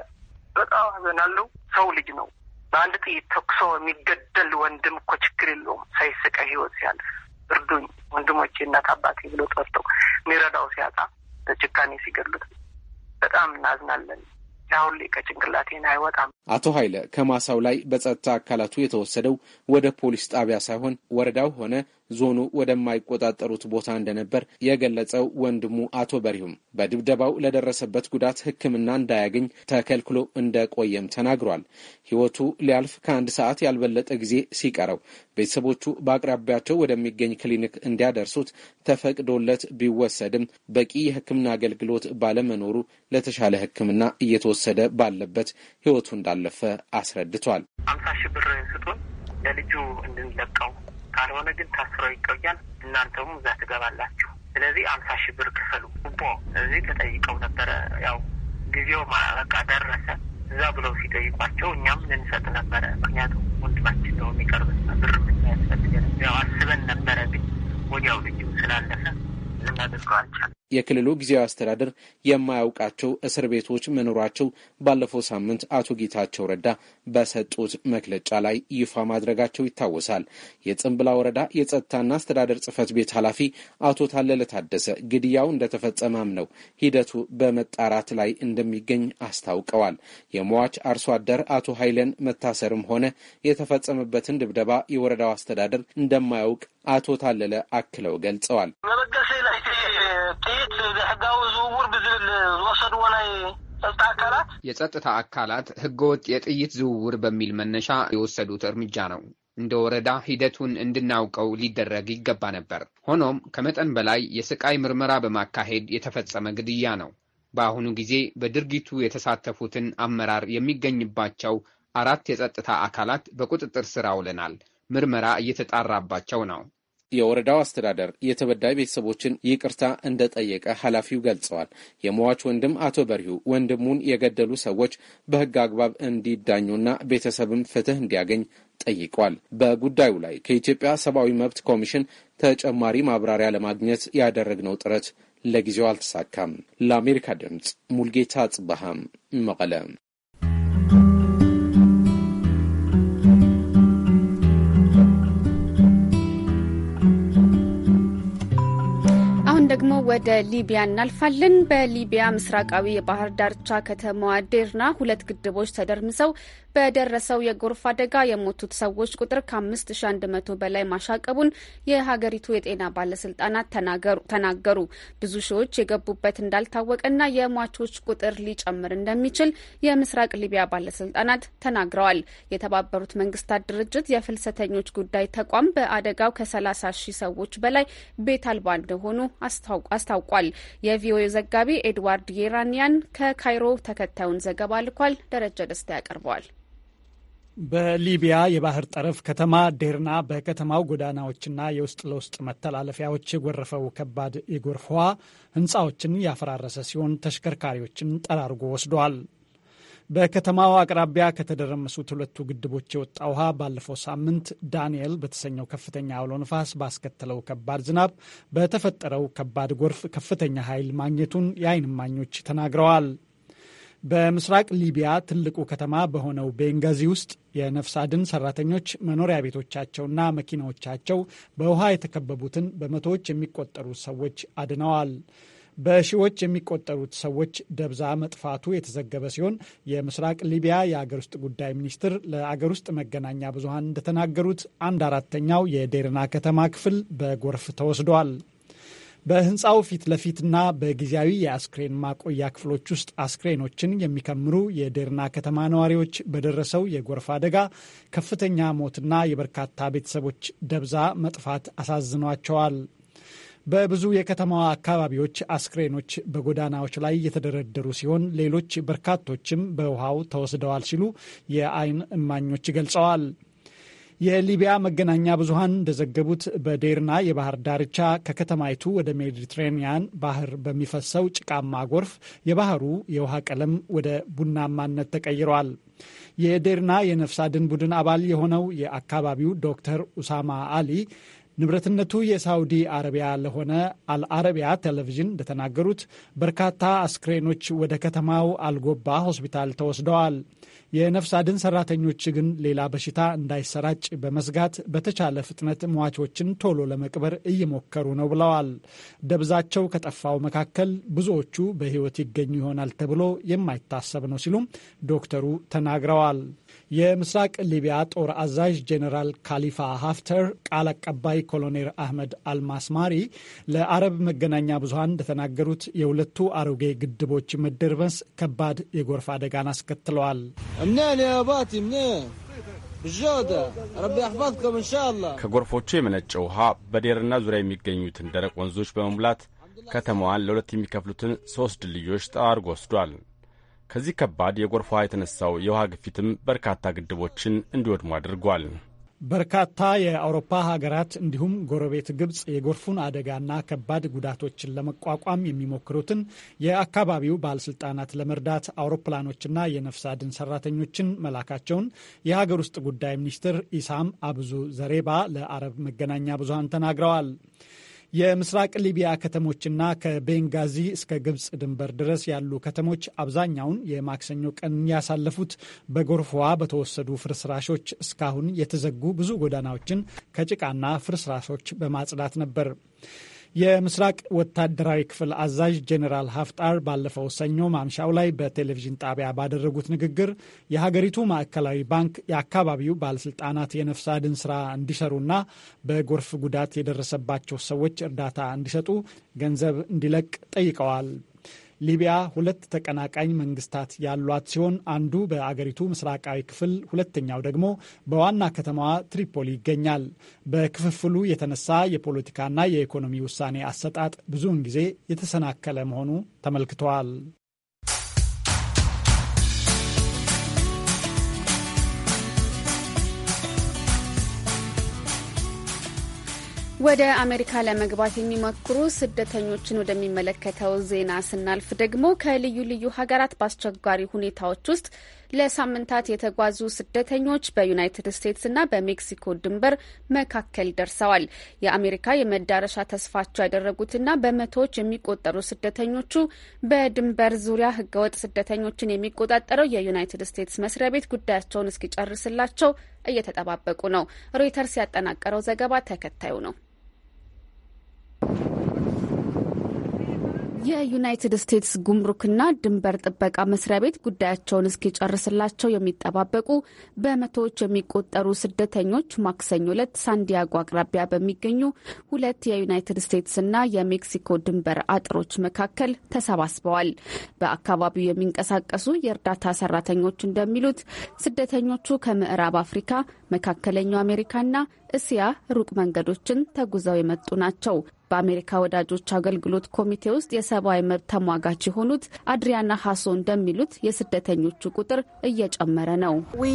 በጣም አዘናለሁ። ሰው ልጅ ነው በአንድ ጥይት ተኩሶ የሚገደል ወንድም እኮ ችግር የለውም ሳይሰቀ ህይወት ሲያልፍ እርዱኝ ወንድሞቼ እናት አባቴ ብሎ ጠርተው የሚረዳው ሲያጣ በጭካኔ ሲገሉት በጣም እናዝናለን። ሁሌ ከጭንቅላቴን አይወጣም። አቶ ኃይለ ከማሳው ላይ በጸጥታ አካላቱ የተወሰደው ወደ ፖሊስ ጣቢያ ሳይሆን ወረዳው ሆነ ዞኑ ወደማይቆጣጠሩት ቦታ እንደነበር የገለጸው ወንድሙ አቶ በሪሁም በድብደባው ለደረሰበት ጉዳት ሕክምና እንዳያገኝ ተከልክሎ እንደቆየም ተናግሯል። ሕይወቱ ሊያልፍ ከአንድ ሰዓት ያልበለጠ ጊዜ ሲቀረው ቤተሰቦቹ በአቅራቢያቸው ወደሚገኝ ክሊኒክ እንዲያደርሱት ተፈቅዶለት ቢወሰድም በቂ የሕክምና አገልግሎት ባለመኖሩ ለተሻለ ሕክምና እየተወሰደ ባለበት ሕይወቱ እንዳለፈ አስረድቷል። አምሳ ሺህ ብር ስጡን ለልጁ እንድንለቀው ካልሆነ ግን ታስረው ይቆያል፣ እናንተም እዛ ትገባላችሁ። ስለዚህ አምሳ ሺህ ብር ክፈሉ ቦ እዚህ ተጠይቀው ነበረ። ያው ጊዜው በቃ ደረሰ እዛ ብለው ሲጠይቋቸው እኛም ልንሰጥ ነበረ። ምክንያቱም ወንድማችን ነው የሚቀርብ ብር ያስፈልገ ያው አስበን ነበረ፣ ግን ወዲያው ልጁ ስላለፈ የክልሉ ጊዜያዊ አስተዳደር የማያውቃቸው እስር ቤቶች መኖራቸው ባለፈው ሳምንት አቶ ጌታቸው ረዳ በሰጡት መግለጫ ላይ ይፋ ማድረጋቸው ይታወሳል። የጽንብላ ወረዳ የጸጥታና አስተዳደር ጽህፈት ቤት ኃላፊ አቶ ታለለ ታደሰ ግድያው እንደተፈጸመ ነው ሂደቱ በመጣራት ላይ እንደሚገኝ አስታውቀዋል። የሟች አርሶ አደር አቶ ኃይለን መታሰርም ሆነ የተፈጸመበትን ድብደባ የወረዳው አስተዳደር እንደማያውቅ አቶ ታለለ አክለው ገልጸዋል። ጥይት ሕጋዊ ዝውውር ብዝብል ዝወሰድዎ ናይ ጸጥታ አካላት የጸጥታ አካላት ህገወጥ የጥይት ዝውውር በሚል መነሻ የወሰዱት እርምጃ ነው። እንደ ወረዳ ሂደቱን እንድናውቀው ሊደረግ ይገባ ነበር። ሆኖም ከመጠን በላይ የስቃይ ምርመራ በማካሄድ የተፈጸመ ግድያ ነው። በአሁኑ ጊዜ በድርጊቱ የተሳተፉትን አመራር የሚገኝባቸው አራት የጸጥታ አካላት በቁጥጥር ስር አውለናል። ምርመራ እየተጣራባቸው ነው። የወረዳው አስተዳደር የተበዳይ ቤተሰቦችን ይቅርታ እንደጠየቀ ኃላፊው ገልጸዋል። የሟች ወንድም አቶ በሪሁ ወንድሙን የገደሉ ሰዎች በሕግ አግባብ እንዲዳኙና ቤተሰብም ፍትህ እንዲያገኝ ጠይቋል። በጉዳዩ ላይ ከኢትዮጵያ ሰብአዊ መብት ኮሚሽን ተጨማሪ ማብራሪያ ለማግኘት ያደረግነው ጥረት ለጊዜው አልተሳካም። ለአሜሪካ ድምፅ ሙልጌታ ጽበሃም መቀለም ደግሞ ወደ ሊቢያ እናልፋለን። በሊቢያ ምስራቃዊ የባህር ዳርቻ ከተማዋ ዴርና ሁለት ግድቦች ተደርምሰው በደረሰው የጎርፍ አደጋ የሞቱት ሰዎች ቁጥር ከ5100 በላይ ማሻቀቡን የሀገሪቱ የጤና ባለስልጣናት ተናገሩ። ብዙ ሺዎች የገቡበት እንዳልታወቀና የሟቾች ቁጥር ሊጨምር እንደሚችል የምስራቅ ሊቢያ ባለስልጣናት ተናግረዋል። የተባበሩት መንግስታት ድርጅት የፍልሰተኞች ጉዳይ ተቋም በአደጋው ከ30 ሺህ ሰዎች በላይ ቤት አልባ እንደሆኑ አስታውቋል። የቪኦኤ ዘጋቢ ኤድዋርድ ጌራኒያን ከካይሮ ተከታዩን ዘገባ ልኳል። ደረጃ ደስታ ያቀርበዋል። በሊቢያ የባህር ጠረፍ ከተማ ዴርና በከተማው ጎዳናዎችና የውስጥ ለውስጥ መተላለፊያዎች የጎረፈው ከባድ የጎርፍ ውሃ ሕንፃዎችን ያፈራረሰ ሲሆን ተሽከርካሪዎችን ጠራርጎ ወስዷል። በከተማው አቅራቢያ ከተደረመሱት ሁለቱ ግድቦች የወጣ ውሃ ባለፈው ሳምንት ዳንኤል በተሰኘው ከፍተኛ አውሎ ነፋስ ባስከተለው ከባድ ዝናብ በተፈጠረው ከባድ ጎርፍ ከፍተኛ ኃይል ማግኘቱን የአይን እማኞች ተናግረዋል። በምስራቅ ሊቢያ ትልቁ ከተማ በሆነው ቤንጋዚ ውስጥ የነፍስ አድን ሰራተኞች መኖሪያ ቤቶቻቸውና መኪናዎቻቸው በውሃ የተከበቡትን በመቶዎች የሚቆጠሩ ሰዎች አድነዋል። በሺዎች የሚቆጠሩት ሰዎች ደብዛ መጥፋቱ የተዘገበ ሲሆን የምስራቅ ሊቢያ የአገር ውስጥ ጉዳይ ሚኒስትር ለአገር ውስጥ መገናኛ ብዙኃን እንደተናገሩት አንድ አራተኛው የዴርና ከተማ ክፍል በጎርፍ ተወስዷል። በህንፃው ፊት ለፊትና በጊዜያዊ የአስክሬን ማቆያ ክፍሎች ውስጥ አስክሬኖችን የሚከምሩ የዴርና ከተማ ነዋሪዎች በደረሰው የጎርፍ አደጋ ከፍተኛ ሞትና የበርካታ ቤተሰቦች ደብዛ መጥፋት አሳዝኗቸዋል። በብዙ የከተማዋ አካባቢዎች አስክሬኖች በጎዳናዎች ላይ የተደረደሩ ሲሆን ሌሎች በርካቶችም በውሃው ተወስደዋል ሲሉ የአይን እማኞች ገልጸዋል። የሊቢያ መገናኛ ብዙሃን እንደዘገቡት በዴርና የባህር ዳርቻ ከከተማይቱ ወደ ሜዲትሬኒያን ባህር በሚፈሰው ጭቃማ ጎርፍ የባህሩ የውሃ ቀለም ወደ ቡናማነት ተቀይረዋል። የዴርና የነፍስ አድን ቡድን አባል የሆነው የአካባቢው ዶክተር ኡሳማ አሊ ንብረትነቱ የሳውዲ አረቢያ ለሆነ አልአረቢያ ቴሌቪዥን እንደተናገሩት በርካታ አስክሬኖች ወደ ከተማው አልጎባ ሆስፒታል ተወስደዋል። የነፍስ አድን ሰራተኞች ግን ሌላ በሽታ እንዳይሰራጭ በመስጋት በተቻለ ፍጥነት ሟቾችን ቶሎ ለመቅበር እየሞከሩ ነው ብለዋል። ደብዛቸው ከጠፋው መካከል ብዙዎቹ በሕይወት ይገኙ ይሆናል ተብሎ የማይታሰብ ነው ሲሉም ዶክተሩ ተናግረዋል። የምስራቅ ሊቢያ ጦር አዛዥ ጄኔራል ካሊፋ ሀፍተር ቃል አቀባይ ኮሎኔል አህመድ አልማስማሪ ለአረብ መገናኛ ብዙሀን እንደተናገሩት የሁለቱ አሮጌ ግድቦች መደርመስ ከባድ የጎርፍ አደጋን አስከትለዋል። ከጎርፎቹ የመነጨ ውሃ በዴርና ዙሪያ የሚገኙትን ደረቅ ወንዞች በመሙላት ከተማዋን ለሁለት የሚከፍሉትን ሶስት ድልድዮች ጠራርጎ ወስዷል። ከዚህ ከባድ የጎርፍ ውሃ የተነሳው የውሃ ግፊትም በርካታ ግድቦችን እንዲወድሙ አድርጓል። በርካታ የአውሮፓ ሀገራት እንዲሁም ጎረቤት ግብጽ የጎርፉን አደጋና ከባድ ጉዳቶችን ለመቋቋም የሚሞክሩትን የአካባቢው ባለስልጣናት ለመርዳት አውሮፕላኖችና የነፍስ አድን ሰራተኞችን መላካቸውን የሀገር ውስጥ ጉዳይ ሚኒስትር ኢሳም አብዙ ዘሬባ ለአረብ መገናኛ ብዙሀን ተናግረዋል። የምስራቅ ሊቢያ ከተሞችና ከቤንጋዚ እስከ ግብፅ ድንበር ድረስ ያሉ ከተሞች አብዛኛውን የማክሰኞ ቀን ያሳለፉት በጎርፍ በተወሰዱ ፍርስራሾች እስካሁን የተዘጉ ብዙ ጎዳናዎችን ከጭቃና ፍርስራሾች በማጽዳት ነበር። የምስራቅ ወታደራዊ ክፍል አዛዥ ጄኔራል ሀፍጣር ባለፈው ሰኞ ማምሻው ላይ በቴሌቪዥን ጣቢያ ባደረጉት ንግግር የሀገሪቱ ማዕከላዊ ባንክ የአካባቢው ባለስልጣናት የነፍስ አድን ስራ እንዲሰሩና በጎርፍ ጉዳት የደረሰባቸው ሰዎች እርዳታ እንዲሰጡ ገንዘብ እንዲለቅ ጠይቀዋል። ሊቢያ ሁለት ተቀናቃኝ መንግስታት ያሏት ሲሆን አንዱ በአገሪቱ ምስራቃዊ ክፍል፣ ሁለተኛው ደግሞ በዋና ከተማዋ ትሪፖሊ ይገኛል። በክፍፍሉ የተነሳ የፖለቲካና የኢኮኖሚ ውሳኔ አሰጣጥ ብዙውን ጊዜ የተሰናከለ መሆኑ ተመልክተዋል። ወደ አሜሪካ ለመግባት የሚሞክሩ ስደተኞችን ወደሚመለከተው ዜና ስናልፍ ደግሞ ከልዩ ልዩ ሀገራት በአስቸጋሪ ሁኔታዎች ውስጥ ለሳምንታት የተጓዙ ስደተኞች በዩናይትድ ስቴትስ እና በሜክሲኮ ድንበር መካከል ደርሰዋል። የአሜሪካ የመዳረሻ ተስፋቸው ያደረጉትና በመቶዎች የሚቆጠሩ ስደተኞቹ በድንበር ዙሪያ ህገወጥ ስደተኞችን የሚቆጣጠረው የዩናይትድ ስቴትስ መስሪያ ቤት ጉዳያቸውን እስኪጨርስላቸው እየተጠባበቁ ነው። ሮይተርስ ያጠናቀረው ዘገባ ተከታዩ ነው። የዩናይትድ ስቴትስ ጉምሩክና ድንበር ጥበቃ መስሪያ ቤት ጉዳያቸውን እስኪጨርስላቸው የሚጠባበቁ በመቶዎች የሚቆጠሩ ስደተኞች ማክሰኞ ዕለት ሳንዲያጎ አቅራቢያ በሚገኙ ሁለት የዩናይትድ ስቴትስና የሜክሲኮ ድንበር አጥሮች መካከል ተሰባስበዋል። በአካባቢው የሚንቀሳቀሱ የእርዳታ ሰራተኞች እንደሚሉት ስደተኞቹ ከምዕራብ አፍሪካ፣ መካከለኛው አሜሪካና እስያ ሩቅ መንገዶችን ተጉዘው የመጡ ናቸው። በአሜሪካ ወዳጆች አገልግሎት ኮሚቴ ውስጥ የሰብአዊ መብት ተሟጋች የሆኑት አድሪያና ሀሶ እንደሚሉት የስደተኞቹ ቁጥር እየጨመረ ነው። uh,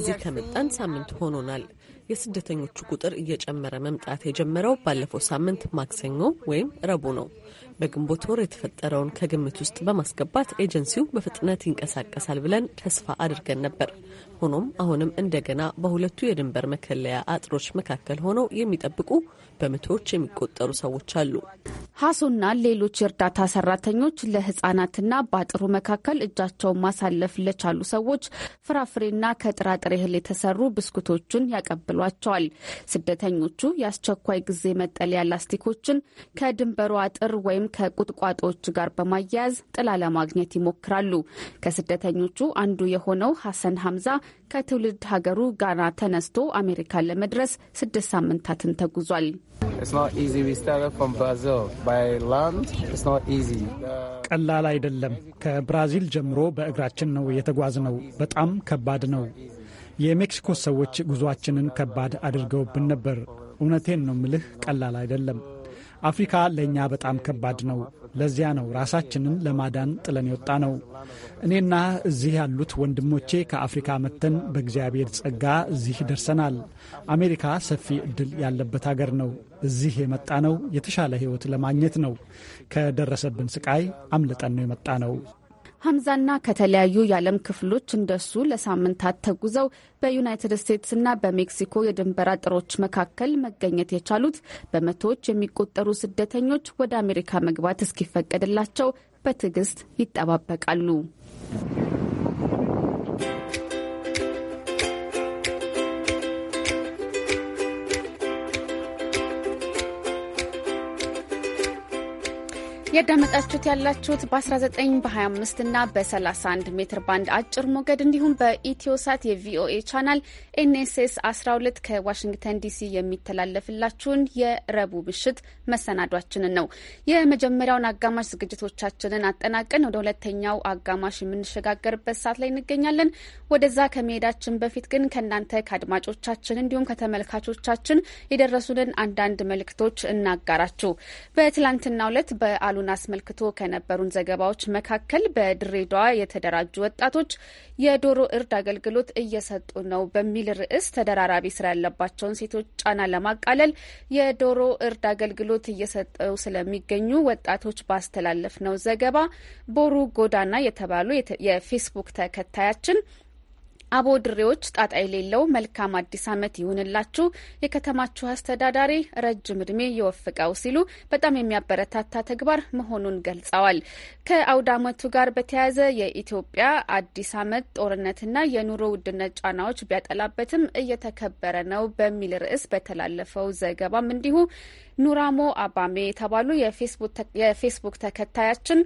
እዚህ ከመጣን ሳምንት ሆኖናል። የስደተኞቹ ቁጥር እየጨመረ መምጣት የጀመረው ባለፈው ሳምንት ማክሰኞ ወይም ረቡ ነው። በግንቦት ወር የተፈጠረውን ከግምት ውስጥ በማስገባት ኤጀንሲው በፍጥነት ይንቀሳቀሳል ብለን ተስፋ አድርገን ነበር። ሆኖም አሁንም እንደገና በሁለቱ የድንበር መከለያ አጥሮች መካከል ሆነው የሚጠብቁ በመቶዎች የሚቆጠሩ ሰዎች አሉ። ሀሶና ሌሎች የእርዳታ ሰራተኞች ለህጻናትና በአጥሩ መካከል እጃቸውን ማሳለፍ ለቻሉ ሰዎች ፍራፍሬና ከጥራጥሬ እህል የተሰሩ ብስኩቶችን ያቀብሏቸዋል። ስደተኞቹ የአስቸኳይ ጊዜ መጠለያ ላስቲኮችን ከድንበሩ አጥር ወይም ከቁጥቋጦዎች ጋር በማያያዝ ጥላ ለማግኘት ይሞክራሉ። ከስደተኞቹ አንዱ የሆነው ሀሰን ሀምዛ ከትውልድ ሀገሩ ጋና ተነስቶ አሜሪካን ለመድረስ ስድስት ሳምንታትን ተጉዟል። ቀላል አይደለም። ከብራዚል ጀምሮ በእግራችን ነው የተጓዝነው። በጣም ከባድ ነው። የሜክሲኮ ሰዎች ጉዟችንን ከባድ አድርገውብን ነበር። እውነቴን ነው ምልህ፣ ቀላል አይደለም። አፍሪካ ለእኛ በጣም ከባድ ነው። ለዚያ ነው ራሳችንን ለማዳን ጥለን የወጣ ነው። እኔና እዚህ ያሉት ወንድሞቼ ከአፍሪካ መጥተን በእግዚአብሔር ጸጋ እዚህ ደርሰናል። አሜሪካ ሰፊ እድል ያለበት ሀገር ነው። እዚህ የመጣ ነው የተሻለ ህይወት ለማግኘት ነው። ከደረሰብን ስቃይ አምልጠን ነው የመጣ ነው። ሀምዛና ከተለያዩ የዓለም ክፍሎች እንደሱ ለሳምንታት ተጉዘው በዩናይትድ ስቴትስና በሜክሲኮ የድንበር አጥሮች መካከል መገኘት የቻሉት በመቶዎች የሚቆጠሩ ስደተኞች ወደ አሜሪካ መግባት እስኪፈቀድላቸው በትዕግስት ይጠባበቃሉ። የዳመጣችሁት ያላችሁት በ19 በ25 እና በ31 ሜትር ባንድ አጭር ሞገድ እንዲሁም በኢትዮሳት የቪኦኤ ቻናል ኤንኤስኤስ 12 ከዋሽንግተን ዲሲ የሚተላለፍላችሁን የረቡ ምሽት መሰናዷችንን ነው። የመጀመሪያውን አጋማሽ ዝግጅቶቻችንን አጠናቀን ወደ ሁለተኛው አጋማሽ የምንሸጋገርበት ሰዓት ላይ እንገኛለን። ወደዛ ከመሄዳችን በፊት ግን ከእናንተ ከአድማጮቻችን እንዲሁም ከተመልካቾቻችን የደረሱንን አንዳንድ መልእክቶች እናጋራችሁ። በትላንትናው ዕለት በአሉ መሆኑን አስመልክቶ ከነበሩን ዘገባዎች መካከል በድሬዳዋ የተደራጁ ወጣቶች የዶሮ እርድ አገልግሎት እየሰጡ ነው በሚል ርዕስ ተደራራቢ ስራ ያለባቸውን ሴቶች ጫና ለማቃለል የዶሮ እርድ አገልግሎት እየሰጠው ስለሚገኙ ወጣቶች ባስተላለፍ ነው ዘገባ ቦሩ ጎዳና የተባሉ የፌስቡክ ተከታያችን አቦ ድሬዎች ጣጣ የሌለው መልካም አዲስ ዓመት ይሁንላችሁ፣ የከተማችሁ አስተዳዳሪ ረጅም እድሜ ይወፍቀው ሲሉ በጣም የሚያበረታታ ተግባር መሆኑን ገልጸዋል። ከአውደ ዓመቱ ጋር በተያያዘ የኢትዮጵያ አዲስ ዓመት ጦርነትና የኑሮ ውድነት ጫናዎች ቢያጠላበትም እየተከበረ ነው በሚል ርዕስ በተላለፈው ዘገባም እንዲሁ ኑራሞ አባሜ የተባሉ የፌስቡክ ተከታያችን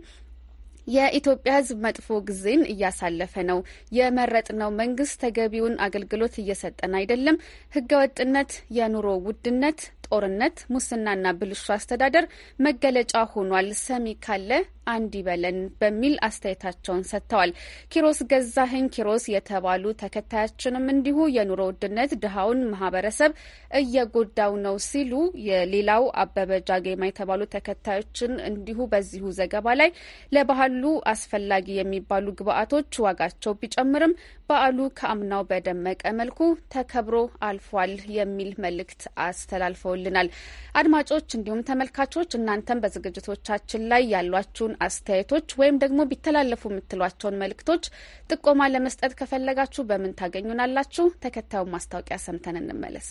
የኢትዮጵያ ሕዝብ መጥፎ ጊዜን እያሳለፈ ነው። የመረጥነው መንግስት ተገቢውን አገልግሎት እየሰጠን አይደለም። ህገወጥነት፣ የኑሮ ውድነት፣ ጦርነት፣ ሙስናና ብልሹ አስተዳደር መገለጫ ሆኗል። ሰሚ ካለ አንድ ይበለን በሚል አስተያየታቸውን ሰጥተዋል። ኪሮስ ገዛኸኝ ኪሮስ የተባሉ ተከታያችንም እንዲሁ የኑሮ ውድነት ድሃውን ማህበረሰብ እየጎዳው ነው ሲሉ የሌላው አበበ ጃጌማ የተባሉ ተከታዮችን እንዲሁ በዚሁ ዘገባ ላይ ለባህሉ አስፈላጊ የሚባሉ ግብአቶች ዋጋቸው ቢጨምርም በዓሉ ከአምናው በደመቀ መልኩ ተከብሮ አልፏል የሚል መልእክት አስተላልፈዋል። ልከውልናል። አድማጮች እንዲሁም ተመልካቾች እናንተም በዝግጅቶቻችን ላይ ያሏችሁን አስተያየቶች ወይም ደግሞ ቢተላለፉ የምትሏቸውን መልእክቶች ጥቆማ ለመስጠት ከፈለጋችሁ በምን ታገኙናላችሁ? ተከታዩን ማስታወቂያ ሰምተን እንመለስ።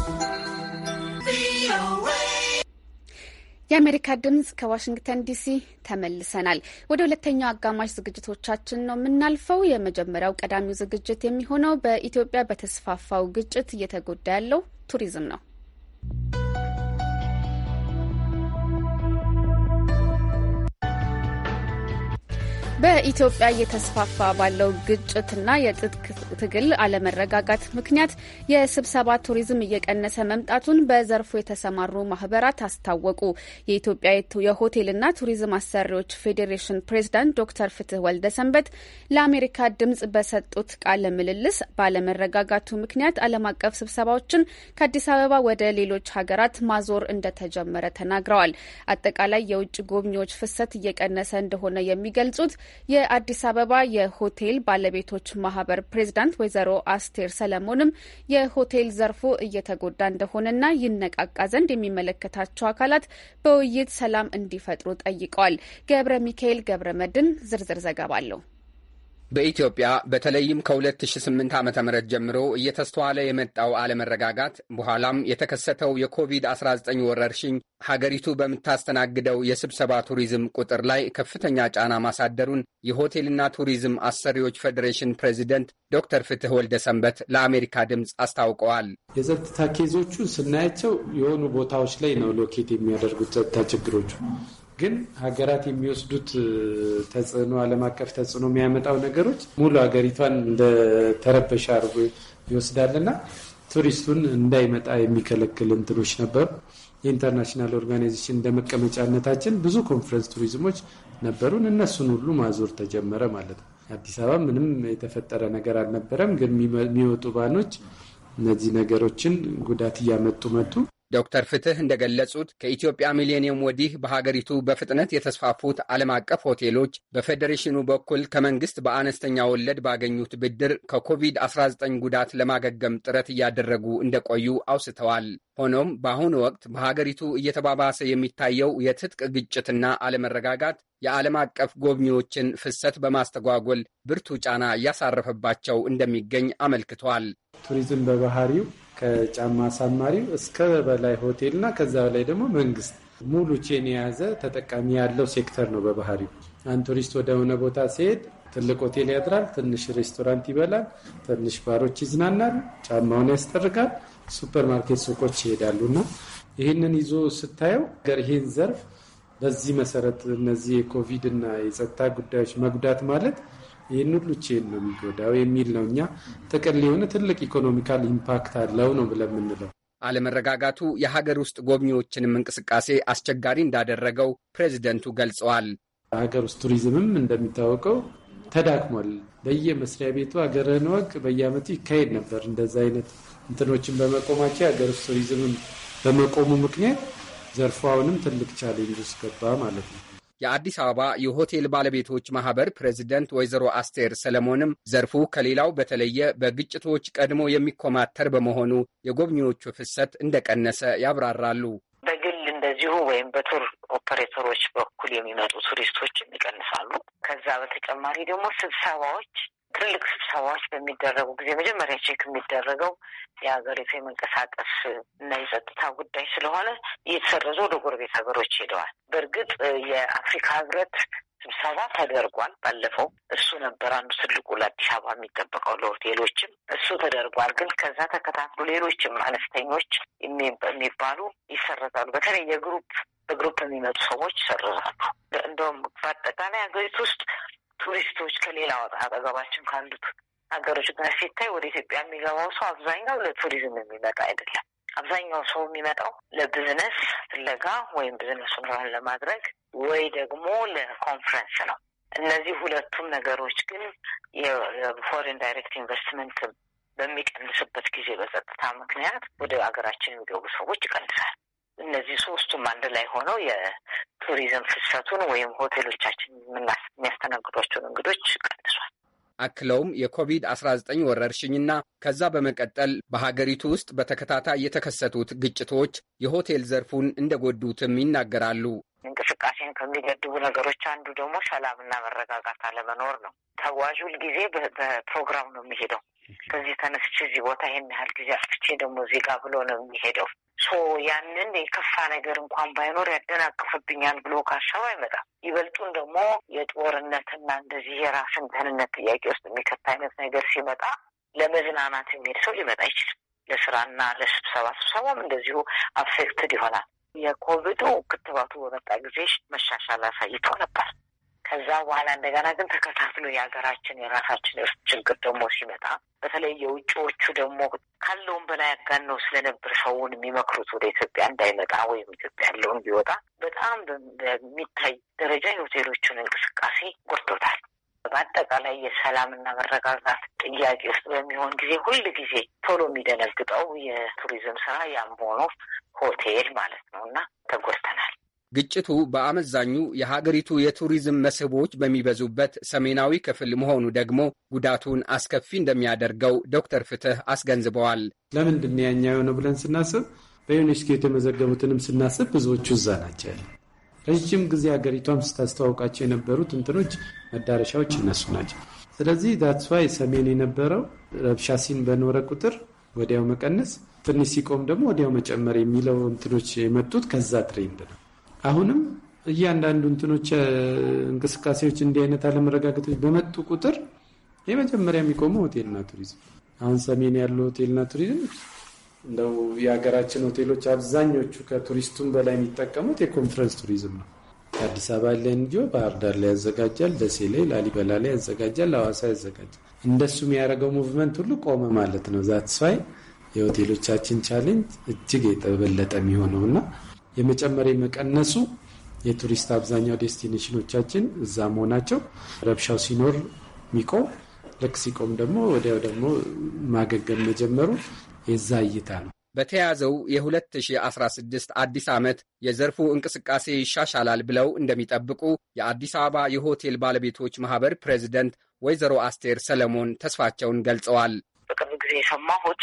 የአሜሪካ ድምጽ ከዋሽንግተን ዲሲ ተመልሰናል። ወደ ሁለተኛው አጋማሽ ዝግጅቶቻችን ነው የምናልፈው። የመጀመሪያው ቀዳሚው ዝግጅት የሚሆነው በኢትዮጵያ በተስፋፋው ግጭት እየተጎዳ ያለው ቱሪዝም ነው። በኢትዮጵያ እየተስፋፋ ባለው ግጭትና የትጥቅ ትግል አለመረጋጋት ምክንያት የስብሰባ ቱሪዝም እየቀነሰ መምጣቱን በዘርፉ የተሰማሩ ማህበራት አስታወቁ። የኢትዮጵያ የሆቴልና ቱሪዝም አሰሪዎች ፌዴሬሽን ፕሬዝዳንት ዶክተር ፍትህ ወልደ ሰንበት ለአሜሪካ ድምጽ በሰጡት ቃለ ምልልስ ባለመረጋጋቱ ምክንያት ዓለም አቀፍ ስብሰባዎችን ከአዲስ አበባ ወደ ሌሎች ሀገራት ማዞር እንደተጀመረ ተናግረዋል። አጠቃላይ የውጭ ጎብኚዎች ፍሰት እየቀነሰ እንደሆነ የሚገልጹት የአዲስ አበባ የሆቴል ባለቤቶች ማህበር ፕሬዚዳንት ወይዘሮ አስቴር ሰለሞንም የሆቴል ዘርፉ እየተጎዳ እንደሆነና ይነቃቃ ዘንድ የሚመለከታቸው አካላት በውይይት ሰላም እንዲፈጥሩ ጠይቀዋል። ገብረ ሚካኤል ገብረ መድን ዝርዝር ዘገባ አለው። በኢትዮጵያ በተለይም ከ2008 ዓ ም ጀምሮ እየተስተዋለ የመጣው አለመረጋጋት በኋላም የተከሰተው የኮቪድ-19 ወረርሽኝ ሀገሪቱ በምታስተናግደው የስብሰባ ቱሪዝም ቁጥር ላይ ከፍተኛ ጫና ማሳደሩን የሆቴልና ቱሪዝም አሰሪዎች ፌዴሬሽን ፕሬዚደንት ዶክተር ፍትህ ወልደ ሰንበት ለአሜሪካ ድምፅ አስታውቀዋል። የጸጥታ ኬዞቹ ስናያቸው የሆኑ ቦታዎች ላይ ነው ሎኬት የሚያደርጉት ጸጥታ ችግሮቹ ግን ሀገራት የሚወስዱት ተጽዕኖ፣ ዓለም አቀፍ ተጽዕኖ የሚያመጣው ነገሮች ሙሉ ሀገሪቷን እንደ ተረበሻ አድርጎ ይወስዳልና ቱሪስቱን እንዳይመጣ የሚከለክል እንትኖች ነበሩ። የኢንተርናሽናል ኦርጋናይዜሽን እንደ መቀመጫነታችን ብዙ ኮንፈረንስ ቱሪዝሞች ነበሩን። እነሱን ሁሉ ማዞር ተጀመረ ማለት ነው። አዲስ አበባ ምንም የተፈጠረ ነገር አልነበረም። ግን የሚወጡ ባኖች እነዚህ ነገሮችን ጉዳት እያመጡ መጡ። ዶክተር ፍትህ እንደገለጹት ከኢትዮጵያ ሚሌኒየም ወዲህ በሀገሪቱ በፍጥነት የተስፋፉት ዓለም አቀፍ ሆቴሎች በፌዴሬሽኑ በኩል ከመንግስት በአነስተኛ ወለድ ባገኙት ብድር ከኮቪድ-19 ጉዳት ለማገገም ጥረት እያደረጉ እንደቆዩ አውስተዋል። ሆኖም በአሁኑ ወቅት በሀገሪቱ እየተባባሰ የሚታየው የትጥቅ ግጭትና አለመረጋጋት የዓለም አቀፍ ጎብኚዎችን ፍሰት በማስተጓጎል ብርቱ ጫና እያሳረፈባቸው እንደሚገኝ አመልክቷል። ቱሪዝም በባህሪው ከጫማ አሳማሪው እስከ በላይ ሆቴል እና ከዛ በላይ ደግሞ መንግስት ሙሉ ቼን የያዘ ተጠቃሚ ያለው ሴክተር ነው። በባህሪው አንድ ቱሪስት ወደሆነ ቦታ ሲሄድ ትልቅ ሆቴል ያድራል፣ ትንሽ ሬስቶራንት ይበላል፣ ትንሽ ባሮች ይዝናናል፣ ጫማውን ያስጠርጋል፣ ሱፐርማርኬት ሱቆች ይሄዳሉ እና ይህንን ይዞ ስታየው ገር ይህን ዘርፍ በዚህ መሰረት እነዚህ የኮቪድ እና የጸጥታ ጉዳዮች መጉዳት ማለት ይህን ሁሉ ቼን ነው የሚጎዳው የሚል ነው። እኛ ጥቅል የሆነ ትልቅ ኢኮኖሚካል ኢምፓክት አለው ነው ብለን የምንለው። አለመረጋጋቱ የሀገር ውስጥ ጎብኚዎችንም እንቅስቃሴ አስቸጋሪ እንዳደረገው ፕሬዚደንቱ ገልጸዋል። ሀገር ውስጥ ቱሪዝምም እንደሚታወቀው ተዳክሟል። በየመስሪያ ቤቱ ሀገርህን ወቅ በየአመቱ ይካሄድ ነበር። እንደዚ አይነት እንትኖችን በመቆማቸው የሀገር ውስጥ ቱሪዝምም በመቆሙ ምክንያት ዘርፉ አሁንም ትልቅ ቻሌንጅ ውስጥ ገባ ማለት ነው። የአዲስ አበባ የሆቴል ባለቤቶች ማህበር ፕሬዚደንት ወይዘሮ አስቴር ሰለሞንም ዘርፉ ከሌላው በተለየ በግጭቶች ቀድሞ የሚኮማተር በመሆኑ የጎብኚዎቹ ፍሰት እንደቀነሰ ያብራራሉ። በግል እንደዚሁ ወይም በቱር ኦፐሬተሮች በኩል የሚመጡ ቱሪስቶች ይቀንሳሉ። ከዛ በተጨማሪ ደግሞ ስብሰባዎች ትልቅ ስብሰባዎች በሚደረጉ ጊዜ መጀመሪያ ቼክ የሚደረገው የሀገሪቱ የመንቀሳቀስ እና የጸጥታ ጉዳይ ስለሆነ እየተሰረዙ ወደ ጎረቤት ሀገሮች ሄደዋል። በእርግጥ የአፍሪካ ህብረት ስብሰባ ተደርጓል። ባለፈው እሱ ነበር አንዱ ትልቁ ለአዲስ አበባ የሚጠበቀው ለሆቴሎችም እሱ ተደርጓል። ግን ከዛ ተከታትሎ ሌሎችም አነስተኞች የሚባሉ ይሰረዛሉ። በተለይ የግሩፕ በግሩፕ የሚመጡ ሰዎች ይሰርዛሉ። እንደውም በአጠቃላይ ሀገሪቱ ውስጥ ቱሪስቶች ከሌላ ወጣ አጠገባችን ካሉት ሀገሮች ጋር ሲታይ ወደ ኢትዮጵያ የሚገባው ሰው አብዛኛው ለቱሪዝም የሚመጣ አይደለም። አብዛኛው ሰው የሚመጣው ለቢዝነስ ፍለጋ ወይም ቢዝነሱን ራን ለማድረግ ወይ ደግሞ ለኮንፈረንስ ነው። እነዚህ ሁለቱም ነገሮች ግን የፎሬን ዳይሬክት ኢንቨስትመንት በሚቀንስበት ጊዜ በጸጥታ ምክንያት ወደ ሀገራችን የሚገቡ ሰዎች ይቀንሳል። እነዚህ ሶስቱም አንድ ላይ ሆነው የቱሪዝም ፍሰቱን ወይም ሆቴሎቻችን የሚያስተናግዷቸውን እንግዶች ቀንሷል። አክለውም የኮቪድ-19 ወረርሽኝና ከዛ በመቀጠል በሀገሪቱ ውስጥ በተከታታይ የተከሰቱት ግጭቶች የሆቴል ዘርፉን እንደጎዱትም ይናገራሉ። እንቅስቃሴን ከሚገድቡ ነገሮች አንዱ ደግሞ ሰላምና መረጋጋት አለመኖር ነው። ተጓዥ ሁልጊዜ በፕሮግራም ነው የሚሄደው። ከዚህ ተነስቼ እዚህ ቦታ ይህን ያህል ጊዜ አስፍቼ ደግሞ እዚህ ጋር ብሎ ነው የሚሄደው። ሶ ያንን የከፋ ነገር እንኳን ባይኖር ያደናቅፍብኛል ብሎ ካሰብ አይመጣም። ይበልጡን ደግሞ የጦርነትና እንደዚህ የራስን ደህንነት ጥያቄ ውስጥ የሚከት አይነት ነገር ሲመጣ ለመዝናናት የሚሄድ ሰው ሊመጣ አይችልም። ለስራና ለስብሰባ ስብሰባም እንደዚሁ አፌክትድ ይሆናል። የኮቪዱ ክትባቱ በመጣ ጊዜ መሻሻል አሳይቶ ነበር። ከዛ በኋላ እንደገና ግን ተከታትሎ የሀገራችን የራሳችን የውስጥ ችግር ደግሞ ሲመጣ በተለይ የውጭዎቹ ደግሞ ካለውን በላይ አጋነው ስለነበር ሰውን የሚመክሩት ወደ ኢትዮጵያ እንዳይመጣ ወይም ኢትዮጵያ ያለውን ቢወጣ በጣም በሚታይ ደረጃ የሆቴሎቹን እንቅስቃሴ ጎድቶታል። በአጠቃላይ የሰላምና መረጋጋት ጥያቄ ውስጥ በሚሆን ጊዜ ሁል ጊዜ ቶሎ የሚደነግጠው የቱሪዝም ስራ ያም ሆኖ ሆቴል ማለት ነው እና ተጎድተናል። ግጭቱ በአመዛኙ የሀገሪቱ የቱሪዝም መስህቦች በሚበዙበት ሰሜናዊ ክፍል መሆኑ ደግሞ ጉዳቱን አስከፊ እንደሚያደርገው ዶክተር ፍትህ አስገንዝበዋል። ለምንድን ነው ያኛ የሆነው ብለን ስናስብ በዩኔስኮ የተመዘገቡትንም ስናስብ ብዙዎቹ እዛ ናቸው። ረዥም ጊዜ ሀገሪቷም ስታስተዋውቃቸው የነበሩት እንትኖች መዳረሻዎች እነሱ ናቸው። ስለዚህ ዳትስዋይ ሰሜን የነበረው ረብሻ ሲን በኖረ ቁጥር ወዲያው መቀነስ፣ ትንሽ ሲቆም ደግሞ ወዲያው መጨመር የሚለው እንትኖች የመጡት ከዛ ትሬንድ ነው። አሁንም እያንዳንዱ እንትኖች እንቅስቃሴዎች እንዲህ አይነት አለመረጋገጦች በመጡ ቁጥር የመጀመሪያ የሚቆመው ሆቴልና ቱሪዝም አሁን ሰሜን ያለው ሆቴልና ቱሪዝም እንደው የሀገራችን ሆቴሎች አብዛኞቹ ከቱሪስቱም በላይ የሚጠቀሙት የኮንፈረንስ ቱሪዝም ነው። አዲስ አበባ ላይ እንዲሁ ባህር ዳር ላይ ያዘጋጃል፣ ደሴ ላይ፣ ላሊበላ ላይ ያዘጋጃል፣ ለዋሳ ያዘጋጃል። እንደሱ የሚያደርገው ሙቭመንት ሁሉ ቆመ ማለት ነው። ዛትስፋይ የሆቴሎቻችን ቻሌንጅ እጅግ የጠበለጠ የሚሆነው እና የመጨመር መቀነሱ የቱሪስት አብዛኛው ዴስቲኔሽኖቻችን እዛ መሆናቸው ረብሻው ሲኖር ሚቆም ልክ ሲቆም ደግሞ ወዲያው ደግሞ ማገገም መጀመሩ የዛ እይታ ነው። በተያዘው የ2016 አዲስ ዓመት የዘርፉ እንቅስቃሴ ይሻሻላል ብለው እንደሚጠብቁ የአዲስ አበባ የሆቴል ባለቤቶች ማህበር ፕሬዚደንት ወይዘሮ አስቴር ሰለሞን ተስፋቸውን ገልጸዋል። በቅርብ ጊዜ የሰማሁት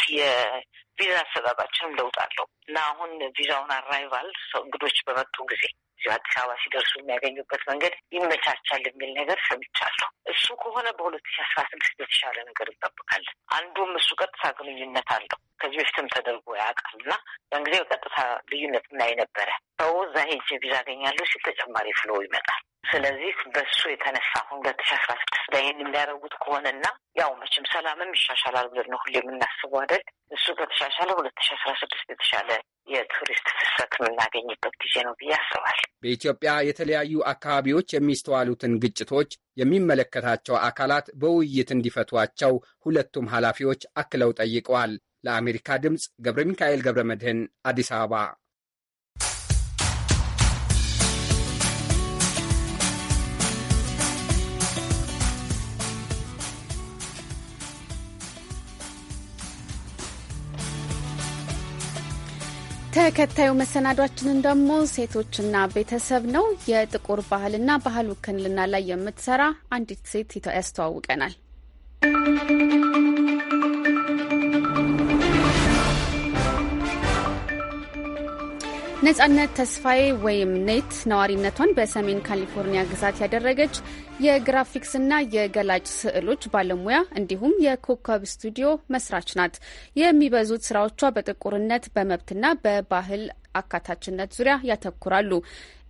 ቪዛ አሰጣጣችንም ለውጥ አለው እና አሁን ቪዛውን አራይቫል ሰው እንግዶች በመጡ ጊዜ እዚሁ አዲስ አበባ ሲደርሱ የሚያገኙበት መንገድ ይመቻቻል የሚል ነገር ሰምቻለሁ። እሱ ከሆነ በሁለት ሺ አስራ ስድስት የተሻለ ነገር እንጠብቃለን። አንዱም እሱ ቀጥታ ግንኙነት አለው ከዚህ በፊትም ተደርጎ ያውቃል እና ያን ጊዜ ቀጥታ ልዩነት ምናይ ነበረ። ሰው እዛ ሄጄ ቪዛ አገኛለሁ ሲል ተጨማሪ ፍሎ ይመጣል። ስለዚህ በሱ የተነሳ ሁለት ሺ አስራ ስድስት ላይ ይህን የሚያደርጉት ከሆነና ያው መቼም ሰላምም ይሻሻላል ብለን ነው ሁሌ የምናስበው አይደል? እሱ ከተሻሻለ ሁለት ሺ አስራ ስድስት የተሻለ የቱሪስት ፍሰት የምናገኝበት ጊዜ ነው ብዬ አስባል። በኢትዮጵያ የተለያዩ አካባቢዎች የሚስተዋሉትን ግጭቶች የሚመለከታቸው አካላት በውይይት እንዲፈቷቸው ሁለቱም ኃላፊዎች አክለው ጠይቀዋል። ለአሜሪካ ድምፅ ገብረ ሚካኤል ገብረ መድህን አዲስ አበባ ተከታዩ መሰናዷችንን ደግሞ ሴቶችና ቤተሰብ ነው። የጥቁር ባህልና ባህል ውክልና ላይ የምትሰራ አንዲት ሴት ያስተዋውቀናል። ነጻነት ተስፋዬ ወይም ኔት ነዋሪነቷን በሰሜን ካሊፎርኒያ ግዛት ያደረገች የግራፊክስና የገላጭ ስዕሎች ባለሙያ እንዲሁም የኮከብ ስቱዲዮ መስራች ናት። የሚበዙት ስራዎቿ በጥቁርነት በመብትና በባህል አካታችነት ዙሪያ ያተኩራሉ።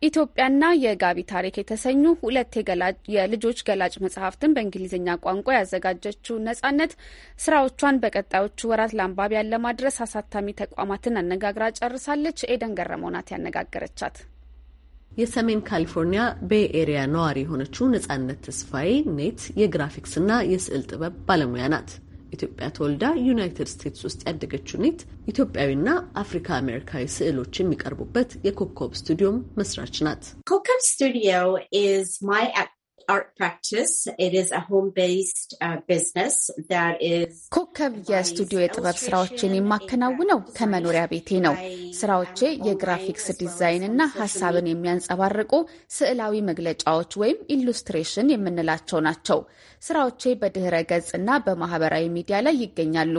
ኢትዮጵያና የጋቢ ታሪክ የተሰኙ ሁለት የልጆች ገላጭ መጽሐፍትን በእንግሊዝኛ ቋንቋ ያዘጋጀችው ነጻነት ስራዎቿን በቀጣዮቹ ወራት ለአንባቢያን ለማድረስ አሳታሚ ተቋማትን አነጋግራ ጨርሳለች። ኤደን ገረመው ናት ያነጋገረቻት። የሰሜን ካሊፎርኒያ ቤይ ኤሪያ ነዋሪ የሆነችው ነጻነት ተስፋዬ ኔት የግራፊክስና የስዕል ጥበብ ባለሙያ ናት። ኢትዮጵያ ተወልዳ ዩናይትድ ስቴትስ ውስጥ ያደገችው ኔት ኢትዮጵያዊና አፍሪካ አሜሪካዊ ስዕሎች የሚቀርቡበት የኮከብ ስቱዲዮም መስራች ናት። ኮከብ ስቱዲዮ ኢዝ ማይ Uh, ኮከብ የስቱዲዮ የጥበብ ስራዎችን የማከናውነው ከመኖሪያ ቤቴ ነው። ስራዎቼ የግራፊክስ ዲዛይን እና ሀሳብን የሚያንጸባርቁ ስዕላዊ መግለጫዎች ወይም ኢሉስትሬሽን የምንላቸው ናቸው። ስራዎቼ በድህረ ገጽ እና በማህበራዊ ሚዲያ ላይ ይገኛሉ።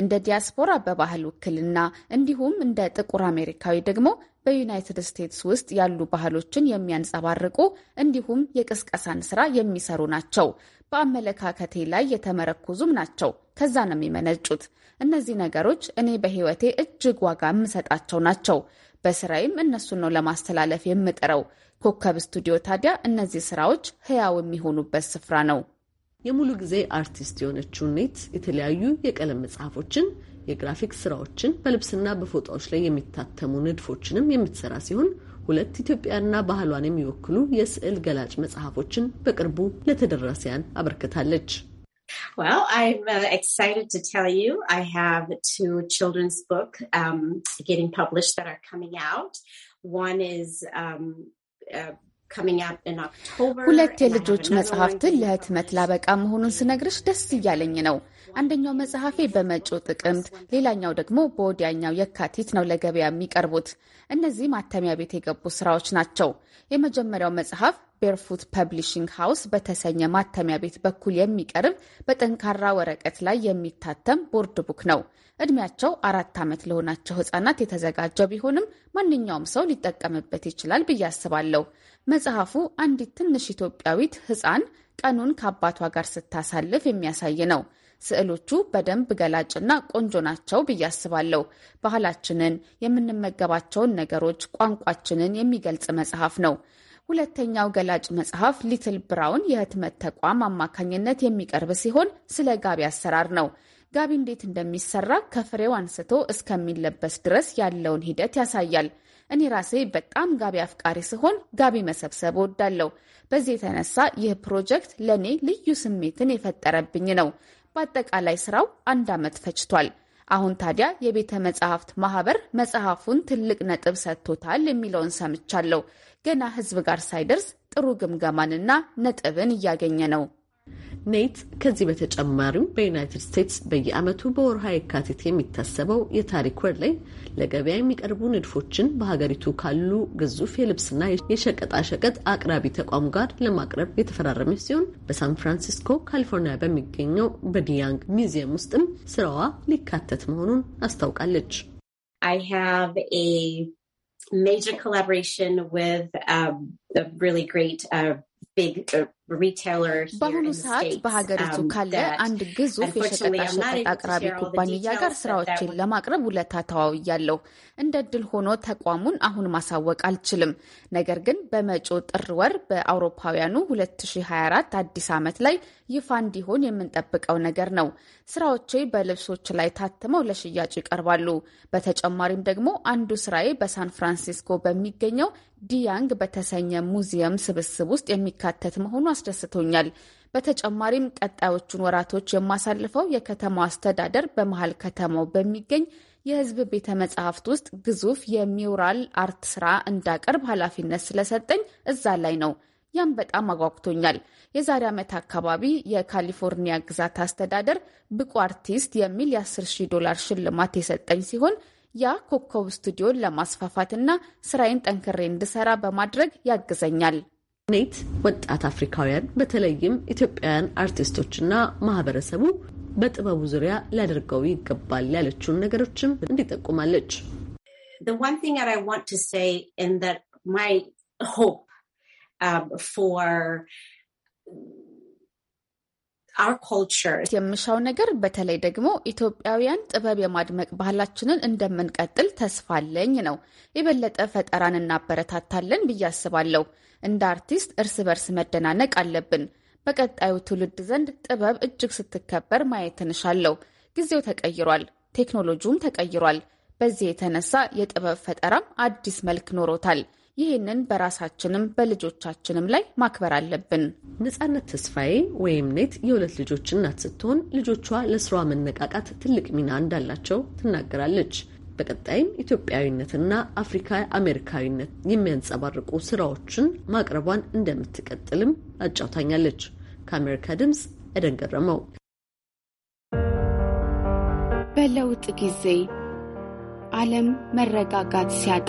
እንደ ዲያስፖራ በባህል ውክልና እንዲሁም እንደ ጥቁር አሜሪካዊ ደግሞ በዩናይትድ ስቴትስ ውስጥ ያሉ ባህሎችን የሚያንጸባርቁ እንዲሁም የቅስቀሳን ስራ የሚሰሩ ናቸው። በአመለካከቴ ላይ የተመረኮዙም ናቸው። ከዛ ነው የሚመነጩት። እነዚህ ነገሮች እኔ በህይወቴ እጅግ ዋጋ የምሰጣቸው ናቸው። በስራዬም እነሱን ነው ለማስተላለፍ የምጥረው። ኮከብ ስቱዲዮ ታዲያ እነዚህ ስራዎች ህያው የሚሆኑበት ስፍራ ነው። የሙሉ ጊዜ አርቲስት የሆነችው ኔት የተለያዩ የቀለም መጽሐፎችን፣ የግራፊክስ ስራዎችን፣ በልብስና በፎጣዎች ላይ የሚታተሙ ንድፎችንም የምትሰራ ሲሆን ሁለት ኢትዮጵያና ባህሏን የሚወክሉ የስዕል ገላጭ መጽሐፎችን በቅርቡ ለተደራሲያን አበርክታለች። Well, I'm uh, excited to tell you I have two children's book um, getting published that are coming out. One is um, uh, ሁለት የልጆች መጽሐፍትን ለህትመት ላበቃ መሆኑን ስነግርሽ ደስ እያለኝ ነው። አንደኛው መጽሐፌ በመጪው ጥቅምት፣ ሌላኛው ደግሞ በወዲያኛው የካቲት ነው ለገበያ የሚቀርቡት። እነዚህ ማተሚያ ቤት የገቡ ስራዎች ናቸው። የመጀመሪያው መጽሐፍ ቤርፉት ፐብሊሽንግ ሃውስ በተሰኘ ማተሚያ ቤት በኩል የሚቀርብ በጠንካራ ወረቀት ላይ የሚታተም ቦርድ ቡክ ነው። እድሜያቸው አራት ዓመት ለሆናቸው ህጻናት የተዘጋጀ ቢሆንም ማንኛውም ሰው ሊጠቀምበት ይችላል ብዬ አስባለሁ። መጽሐፉ አንዲት ትንሽ ኢትዮጵያዊት ህፃን ቀኑን ከአባቷ ጋር ስታሳልፍ የሚያሳይ ነው። ስዕሎቹ በደንብ ገላጭና ቆንጆ ናቸው ብዬ አስባለሁ። ባህላችንን፣ የምንመገባቸውን ነገሮች፣ ቋንቋችንን የሚገልጽ መጽሐፍ ነው። ሁለተኛው ገላጭ መጽሐፍ ሊትል ብራውን የህትመት ተቋም አማካኝነት የሚቀርብ ሲሆን ስለ ጋቢ አሰራር ነው። ጋቢ እንዴት እንደሚሰራ ከፍሬው አንስቶ እስከሚለበስ ድረስ ያለውን ሂደት ያሳያል። እኔ ራሴ በጣም ጋቢ አፍቃሪ ስሆን ጋቢ መሰብሰብ እወዳለሁ። በዚህ የተነሳ ይህ ፕሮጀክት ለእኔ ልዩ ስሜትን የፈጠረብኝ ነው። በአጠቃላይ ስራው አንድ ዓመት ፈጅቷል። አሁን ታዲያ የቤተ መጽሐፍት ማህበር መጽሐፉን ትልቅ ነጥብ ሰጥቶታል የሚለውን ሰምቻለሁ። ገና ህዝብ ጋር ሳይደርስ ጥሩ ግምገማንና ነጥብን እያገኘ ነው። ኔት ከዚህ በተጨማሪም በዩናይትድ ስቴትስ በየዓመቱ በወርሃ የካቲት የሚታሰበው የታሪክ ወር ላይ ለገበያ የሚቀርቡ ንድፎችን በሀገሪቱ ካሉ ግዙፍ የልብስና የሸቀጣሸቀጥ አቅራቢ ተቋም ጋር ለማቅረብ የተፈራረመች ሲሆን በሳን ፍራንሲስኮ ካሊፎርኒያ በሚገኘው በዲያንግ ሚዚየም ውስጥም ስራዋ ሊካተት መሆኑን አስታውቃለች። ሜጀር ኮላቦሬሽን ዊዝ ሪሊ ግሬት Uh, በአሁኑ ሰዓት በሀገሪቱ um, ካለ አንድ ግዙፍ የሸቀጣሸቀጥ አቅራቢ ኩባንያ ጋር ስራዎችን ለማቅረብ ውለታ ተዋውያለሁ። እንደ ድል ሆኖ ተቋሙን አሁን ማሳወቅ አልችልም። ነገር ግን በመጪው ጥር ወር በአውሮፓውያኑ 2024 አዲስ ዓመት ላይ ይፋ እንዲሆን የምንጠብቀው ነገር ነው። ስራዎቼ በልብሶች ላይ ታትመው ለሽያጭ ይቀርባሉ። በተጨማሪም ደግሞ አንዱ ስራዬ በሳን ፍራንሲስኮ በሚገኘው ዲያንግ በተሰኘ ሙዚየም ስብስብ ውስጥ የሚካተት መሆኑ አስደስቶኛል። በተጨማሪም ቀጣዮቹን ወራቶች የማሳልፈው የከተማው አስተዳደር በመሀል ከተማው በሚገኝ የሕዝብ ቤተ መጻሕፍት ውስጥ ግዙፍ የሚውራል አርት ስራ እንዳቀርብ ኃላፊነት ስለሰጠኝ እዛ ላይ ነው። ያም በጣም አጓጉቶኛል። የዛሬ ዓመት አካባቢ የካሊፎርኒያ ግዛት አስተዳደር ብቁ አርቲስት የሚል የ10 ሺህ ዶላር ሽልማት የሰጠኝ ሲሆን ያ ኮከብ ስቱዲዮን ለማስፋፋትና ስራዬን ጠንክሬ እንድሰራ በማድረግ ያግዘኛል። ኔት ወጣት አፍሪካውያን በተለይም ኢትዮጵያውያን አርቲስቶችና ማህበረሰቡ በጥበቡ ዙሪያ ሊያደርገው ይገባል ያለችውን ነገሮችም እንዲጠቁማለች። የምሻው ነገር በተለይ ደግሞ ኢትዮጵያውያን ጥበብ የማድመቅ ባህላችንን እንደምንቀጥል ተስፋለኝ ነው። የበለጠ ፈጠራን እናበረታታለን ብዬ አስባለሁ። እንደ አርቲስት እርስ በርስ መደናነቅ አለብን። በቀጣዩ ትውልድ ዘንድ ጥበብ እጅግ ስትከበር ማየት እንሻለሁ። ጊዜው ተቀይሯል፣ ቴክኖሎጂውም ተቀይሯል። በዚህ የተነሳ የጥበብ ፈጠራም አዲስ መልክ ኖሮታል። ይህንን በራሳችንም በልጆቻችንም ላይ ማክበር አለብን። ነጻነት ተስፋዬ ወይም ኔት የሁለት ልጆች እናት ስትሆን ልጆቿ ለስራዋ መነቃቃት ትልቅ ሚና እንዳላቸው ትናገራለች። በቀጣይም ኢትዮጵያዊነትና አፍሪካ አሜሪካዊነት የሚያንጸባርቁ ስራዎችን ማቅረቧን እንደምትቀጥልም አጫውታኛለች። ከአሜሪካ ድምፅ ኤደን ገረመው። በለውጥ ጊዜ ዓለም መረጋጋት ሲያጣ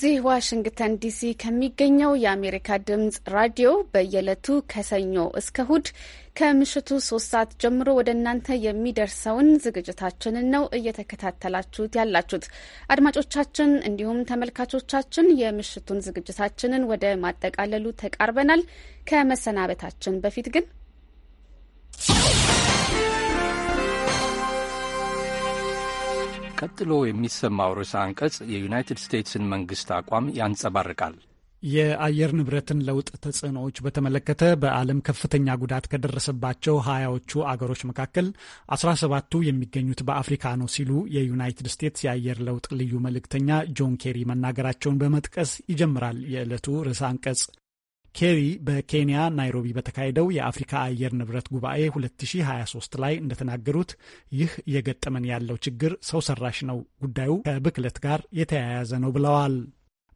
እዚህ ዋሽንግተን ዲሲ ከሚገኘው የአሜሪካ ድምጽ ራዲዮ በየዕለቱ ከሰኞ እስከ እሁድ ከምሽቱ ሶስት ሰዓት ጀምሮ ወደ እናንተ የሚደርሰውን ዝግጅታችንን ነው እየተከታተላችሁት ያላችሁት። አድማጮቻችን እንዲሁም ተመልካቾቻችን የምሽቱን ዝግጅታችንን ወደ ማጠቃለሉ ተቃርበናል። ከመሰናበታችን በፊት ግን ቀጥሎ የሚሰማው ርዕሰ አንቀጽ የዩናይትድ ስቴትስን መንግስት አቋም ያንጸባርቃል። የአየር ንብረትን ለውጥ ተጽዕኖዎች በተመለከተ በዓለም ከፍተኛ ጉዳት ከደረሰባቸው ሀያዎቹ አገሮች መካከል አስራ ሰባቱ የሚገኙት በአፍሪካ ነው ሲሉ የዩናይትድ ስቴትስ የአየር ለውጥ ልዩ መልእክተኛ ጆን ኬሪ መናገራቸውን በመጥቀስ ይጀምራል የዕለቱ ርዕሰ አንቀጽ። ኬሪ በኬንያ ናይሮቢ በተካሄደው የአፍሪካ አየር ንብረት ጉባኤ 2023 ላይ እንደተናገሩት ይህ እየገጠመን ያለው ችግር ሰው ሰራሽ ነው፣ ጉዳዩ ከብክለት ጋር የተያያዘ ነው ብለዋል።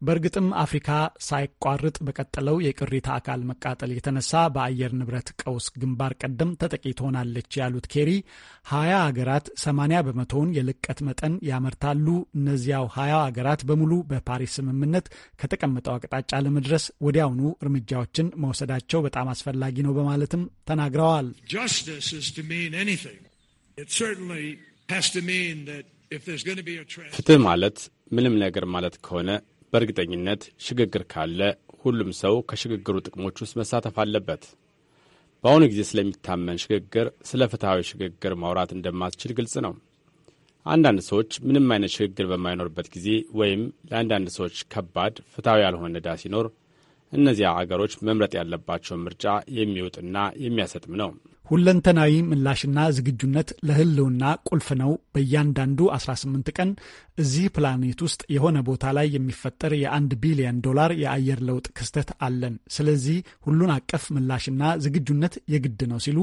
በእርግጥም አፍሪካ ሳይቋርጥ በቀጠለው የቅሪተ አካል መቃጠል የተነሳ በአየር ንብረት ቀውስ ግንባር ቀደም ተጠቂ ትሆናለች ያሉት ኬሪ ሀያ አገራት ሰማንያ በመቶውን የልቀት መጠን ያመርታሉ። እነዚያው ሀያ አገራት በሙሉ በፓሪስ ስምምነት ከተቀመጠው አቅጣጫ ለመድረስ ወዲያውኑ እርምጃዎችን መውሰዳቸው በጣም አስፈላጊ ነው በማለትም ተናግረዋል። ፍትህ ማለት ምንም ነገር ማለት ከሆነ በእርግጠኝነት ሽግግር ካለ ሁሉም ሰው ከሽግግሩ ጥቅሞች ውስጥ መሳተፍ አለበት። በአሁኑ ጊዜ ስለሚታመን ሽግግር፣ ስለ ፍትሐዊ ሽግግር ማውራት እንደማትችል ግልጽ ነው። አንዳንድ ሰዎች ምንም አይነት ሽግግር በማይኖርበት ጊዜ ወይም ለአንዳንድ ሰዎች ከባድ ፍትሐዊ ያልሆነ ዕዳ ሲኖር እነዚያ አገሮች መምረጥ ያለባቸውን ምርጫ የሚውጥና የሚያሰጥም ነው። ሁለንተናዊ ምላሽና ዝግጁነት ለህልውና ቁልፍ ነው። በእያንዳንዱ 18 ቀን እዚህ ፕላኔት ውስጥ የሆነ ቦታ ላይ የሚፈጠር የአንድ ቢሊዮን ዶላር የአየር ለውጥ ክስተት አለን። ስለዚህ ሁሉን አቀፍ ምላሽና ዝግጁነት የግድ ነው ሲሉ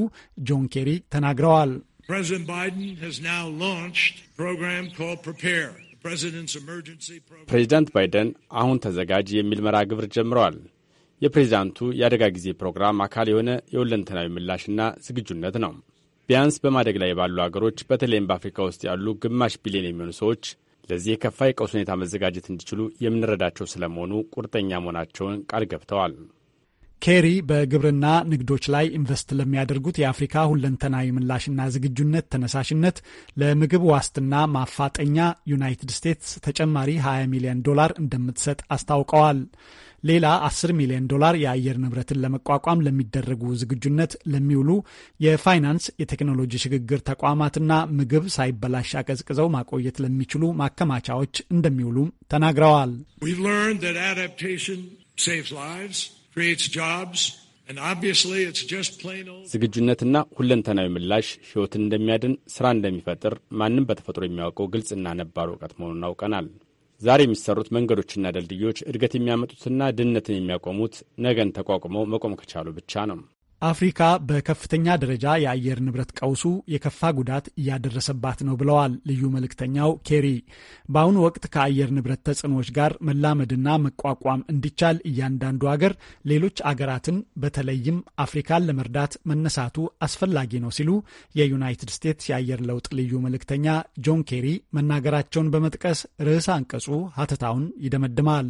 ጆን ኬሪ ተናግረዋል። ፕሬዚደንት ባይደን ፕሬዚደንት ባይደን አሁን ተዘጋጅ የሚል መርሃ ግብር ጀምረዋል። የፕሬዚዳንቱ የአደጋ ጊዜ ፕሮግራም አካል የሆነ የሁለንተናዊ ምላሽና ዝግጁነት ነው። ቢያንስ በማደግ ላይ ባሉ አገሮች በተለይም በአፍሪካ ውስጥ ያሉ ግማሽ ቢሊዮን የሚሆኑ ሰዎች ለዚህ የከፋ የቀውስ ሁኔታ መዘጋጀት እንዲችሉ የምንረዳቸው ስለመሆኑ ቁርጠኛ መሆናቸውን ቃል ገብተዋል። ኬሪ በግብርና ንግዶች ላይ ኢንቨስት ለሚያደርጉት የአፍሪካ ሁለንተናዊ ምላሽና ዝግጁነት ተነሳሽነት ለምግብ ዋስትና ማፋጠኛ ዩናይትድ ስቴትስ ተጨማሪ 20 ሚሊዮን ዶላር እንደምትሰጥ አስታውቀዋል። ሌላ 10 ሚሊዮን ዶላር የአየር ንብረትን ለመቋቋም ለሚደረጉ ዝግጁነት ለሚውሉ የፋይናንስ የቴክኖሎጂ ሽግግር ተቋማትና ምግብ ሳይበላሽ አቀዝቅዘው ማቆየት ለሚችሉ ማከማቻዎች እንደሚውሉ ተናግረዋል። ዝግጁነትና ሁለንተናዊ ምላሽ ሕይወትን እንደሚያድን፣ ስራ እንደሚፈጥር ማንም በተፈጥሮ የሚያውቀው ግልጽና ነባር እውቀት መሆኑን አውቀናል። ዛሬ የሚሰሩት መንገዶችና ደልድዮች እድገት የሚያመጡትና ድህነትን የሚያቆሙት ነገን ተቋቁመው መቆም ከቻሉ ብቻ ነው። አፍሪካ በከፍተኛ ደረጃ የአየር ንብረት ቀውሱ የከፋ ጉዳት እያደረሰባት ነው ብለዋል ልዩ መልእክተኛው ኬሪ። በአሁኑ ወቅት ከአየር ንብረት ተጽዕኖዎች ጋር መላመድና መቋቋም እንዲቻል እያንዳንዱ አገር ሌሎች አገራትን በተለይም አፍሪካን ለመርዳት መነሳቱ አስፈላጊ ነው ሲሉ የዩናይትድ ስቴትስ የአየር ለውጥ ልዩ መልእክተኛ ጆን ኬሪ መናገራቸውን በመጥቀስ ርዕሰ አንቀጹ ሀተታውን ይደመድማል።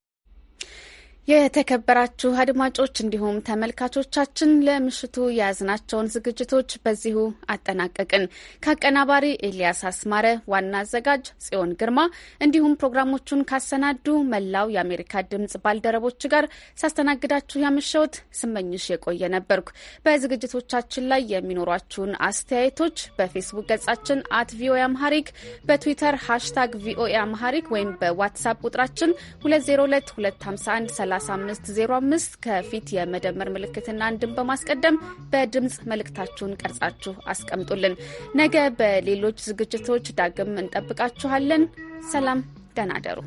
የተከበራችሁ አድማጮች እንዲሁም ተመልካቾቻችን ለምሽቱ የያዝናቸውን ዝግጅቶች በዚሁ አጠናቀቅን። ከአቀናባሪ ኤልያስ አስማረ፣ ዋና አዘጋጅ ጽዮን ግርማ እንዲሁም ፕሮግራሞቹን ካሰናዱ መላው የአሜሪካ ድምጽ ባልደረቦች ጋር ሳስተናግዳችሁ ያመሸሁት ስመኝሽ የቆየ ነበርኩ። በዝግጅቶቻችን ላይ የሚኖሯችሁን አስተያየቶች በፌስቡክ ገጻችን አት ቪኦኤ አምሃሪክ፣ በትዊተር ሃሽታግ ቪኦኤ አምሃሪክ ወይም በዋትሳፕ ቁጥራችን 202251 3505 ከፊት የመደመር ምልክትና አንድን በማስቀደም በድምፅ መልእክታችሁን ቀርጻችሁ አስቀምጡልን። ነገ በሌሎች ዝግጅቶች ዳግም እንጠብቃችኋለን። ሰላም፣ ደህና ደሩ።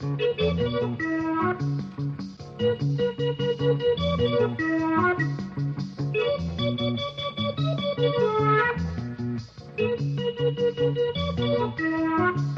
Thank you.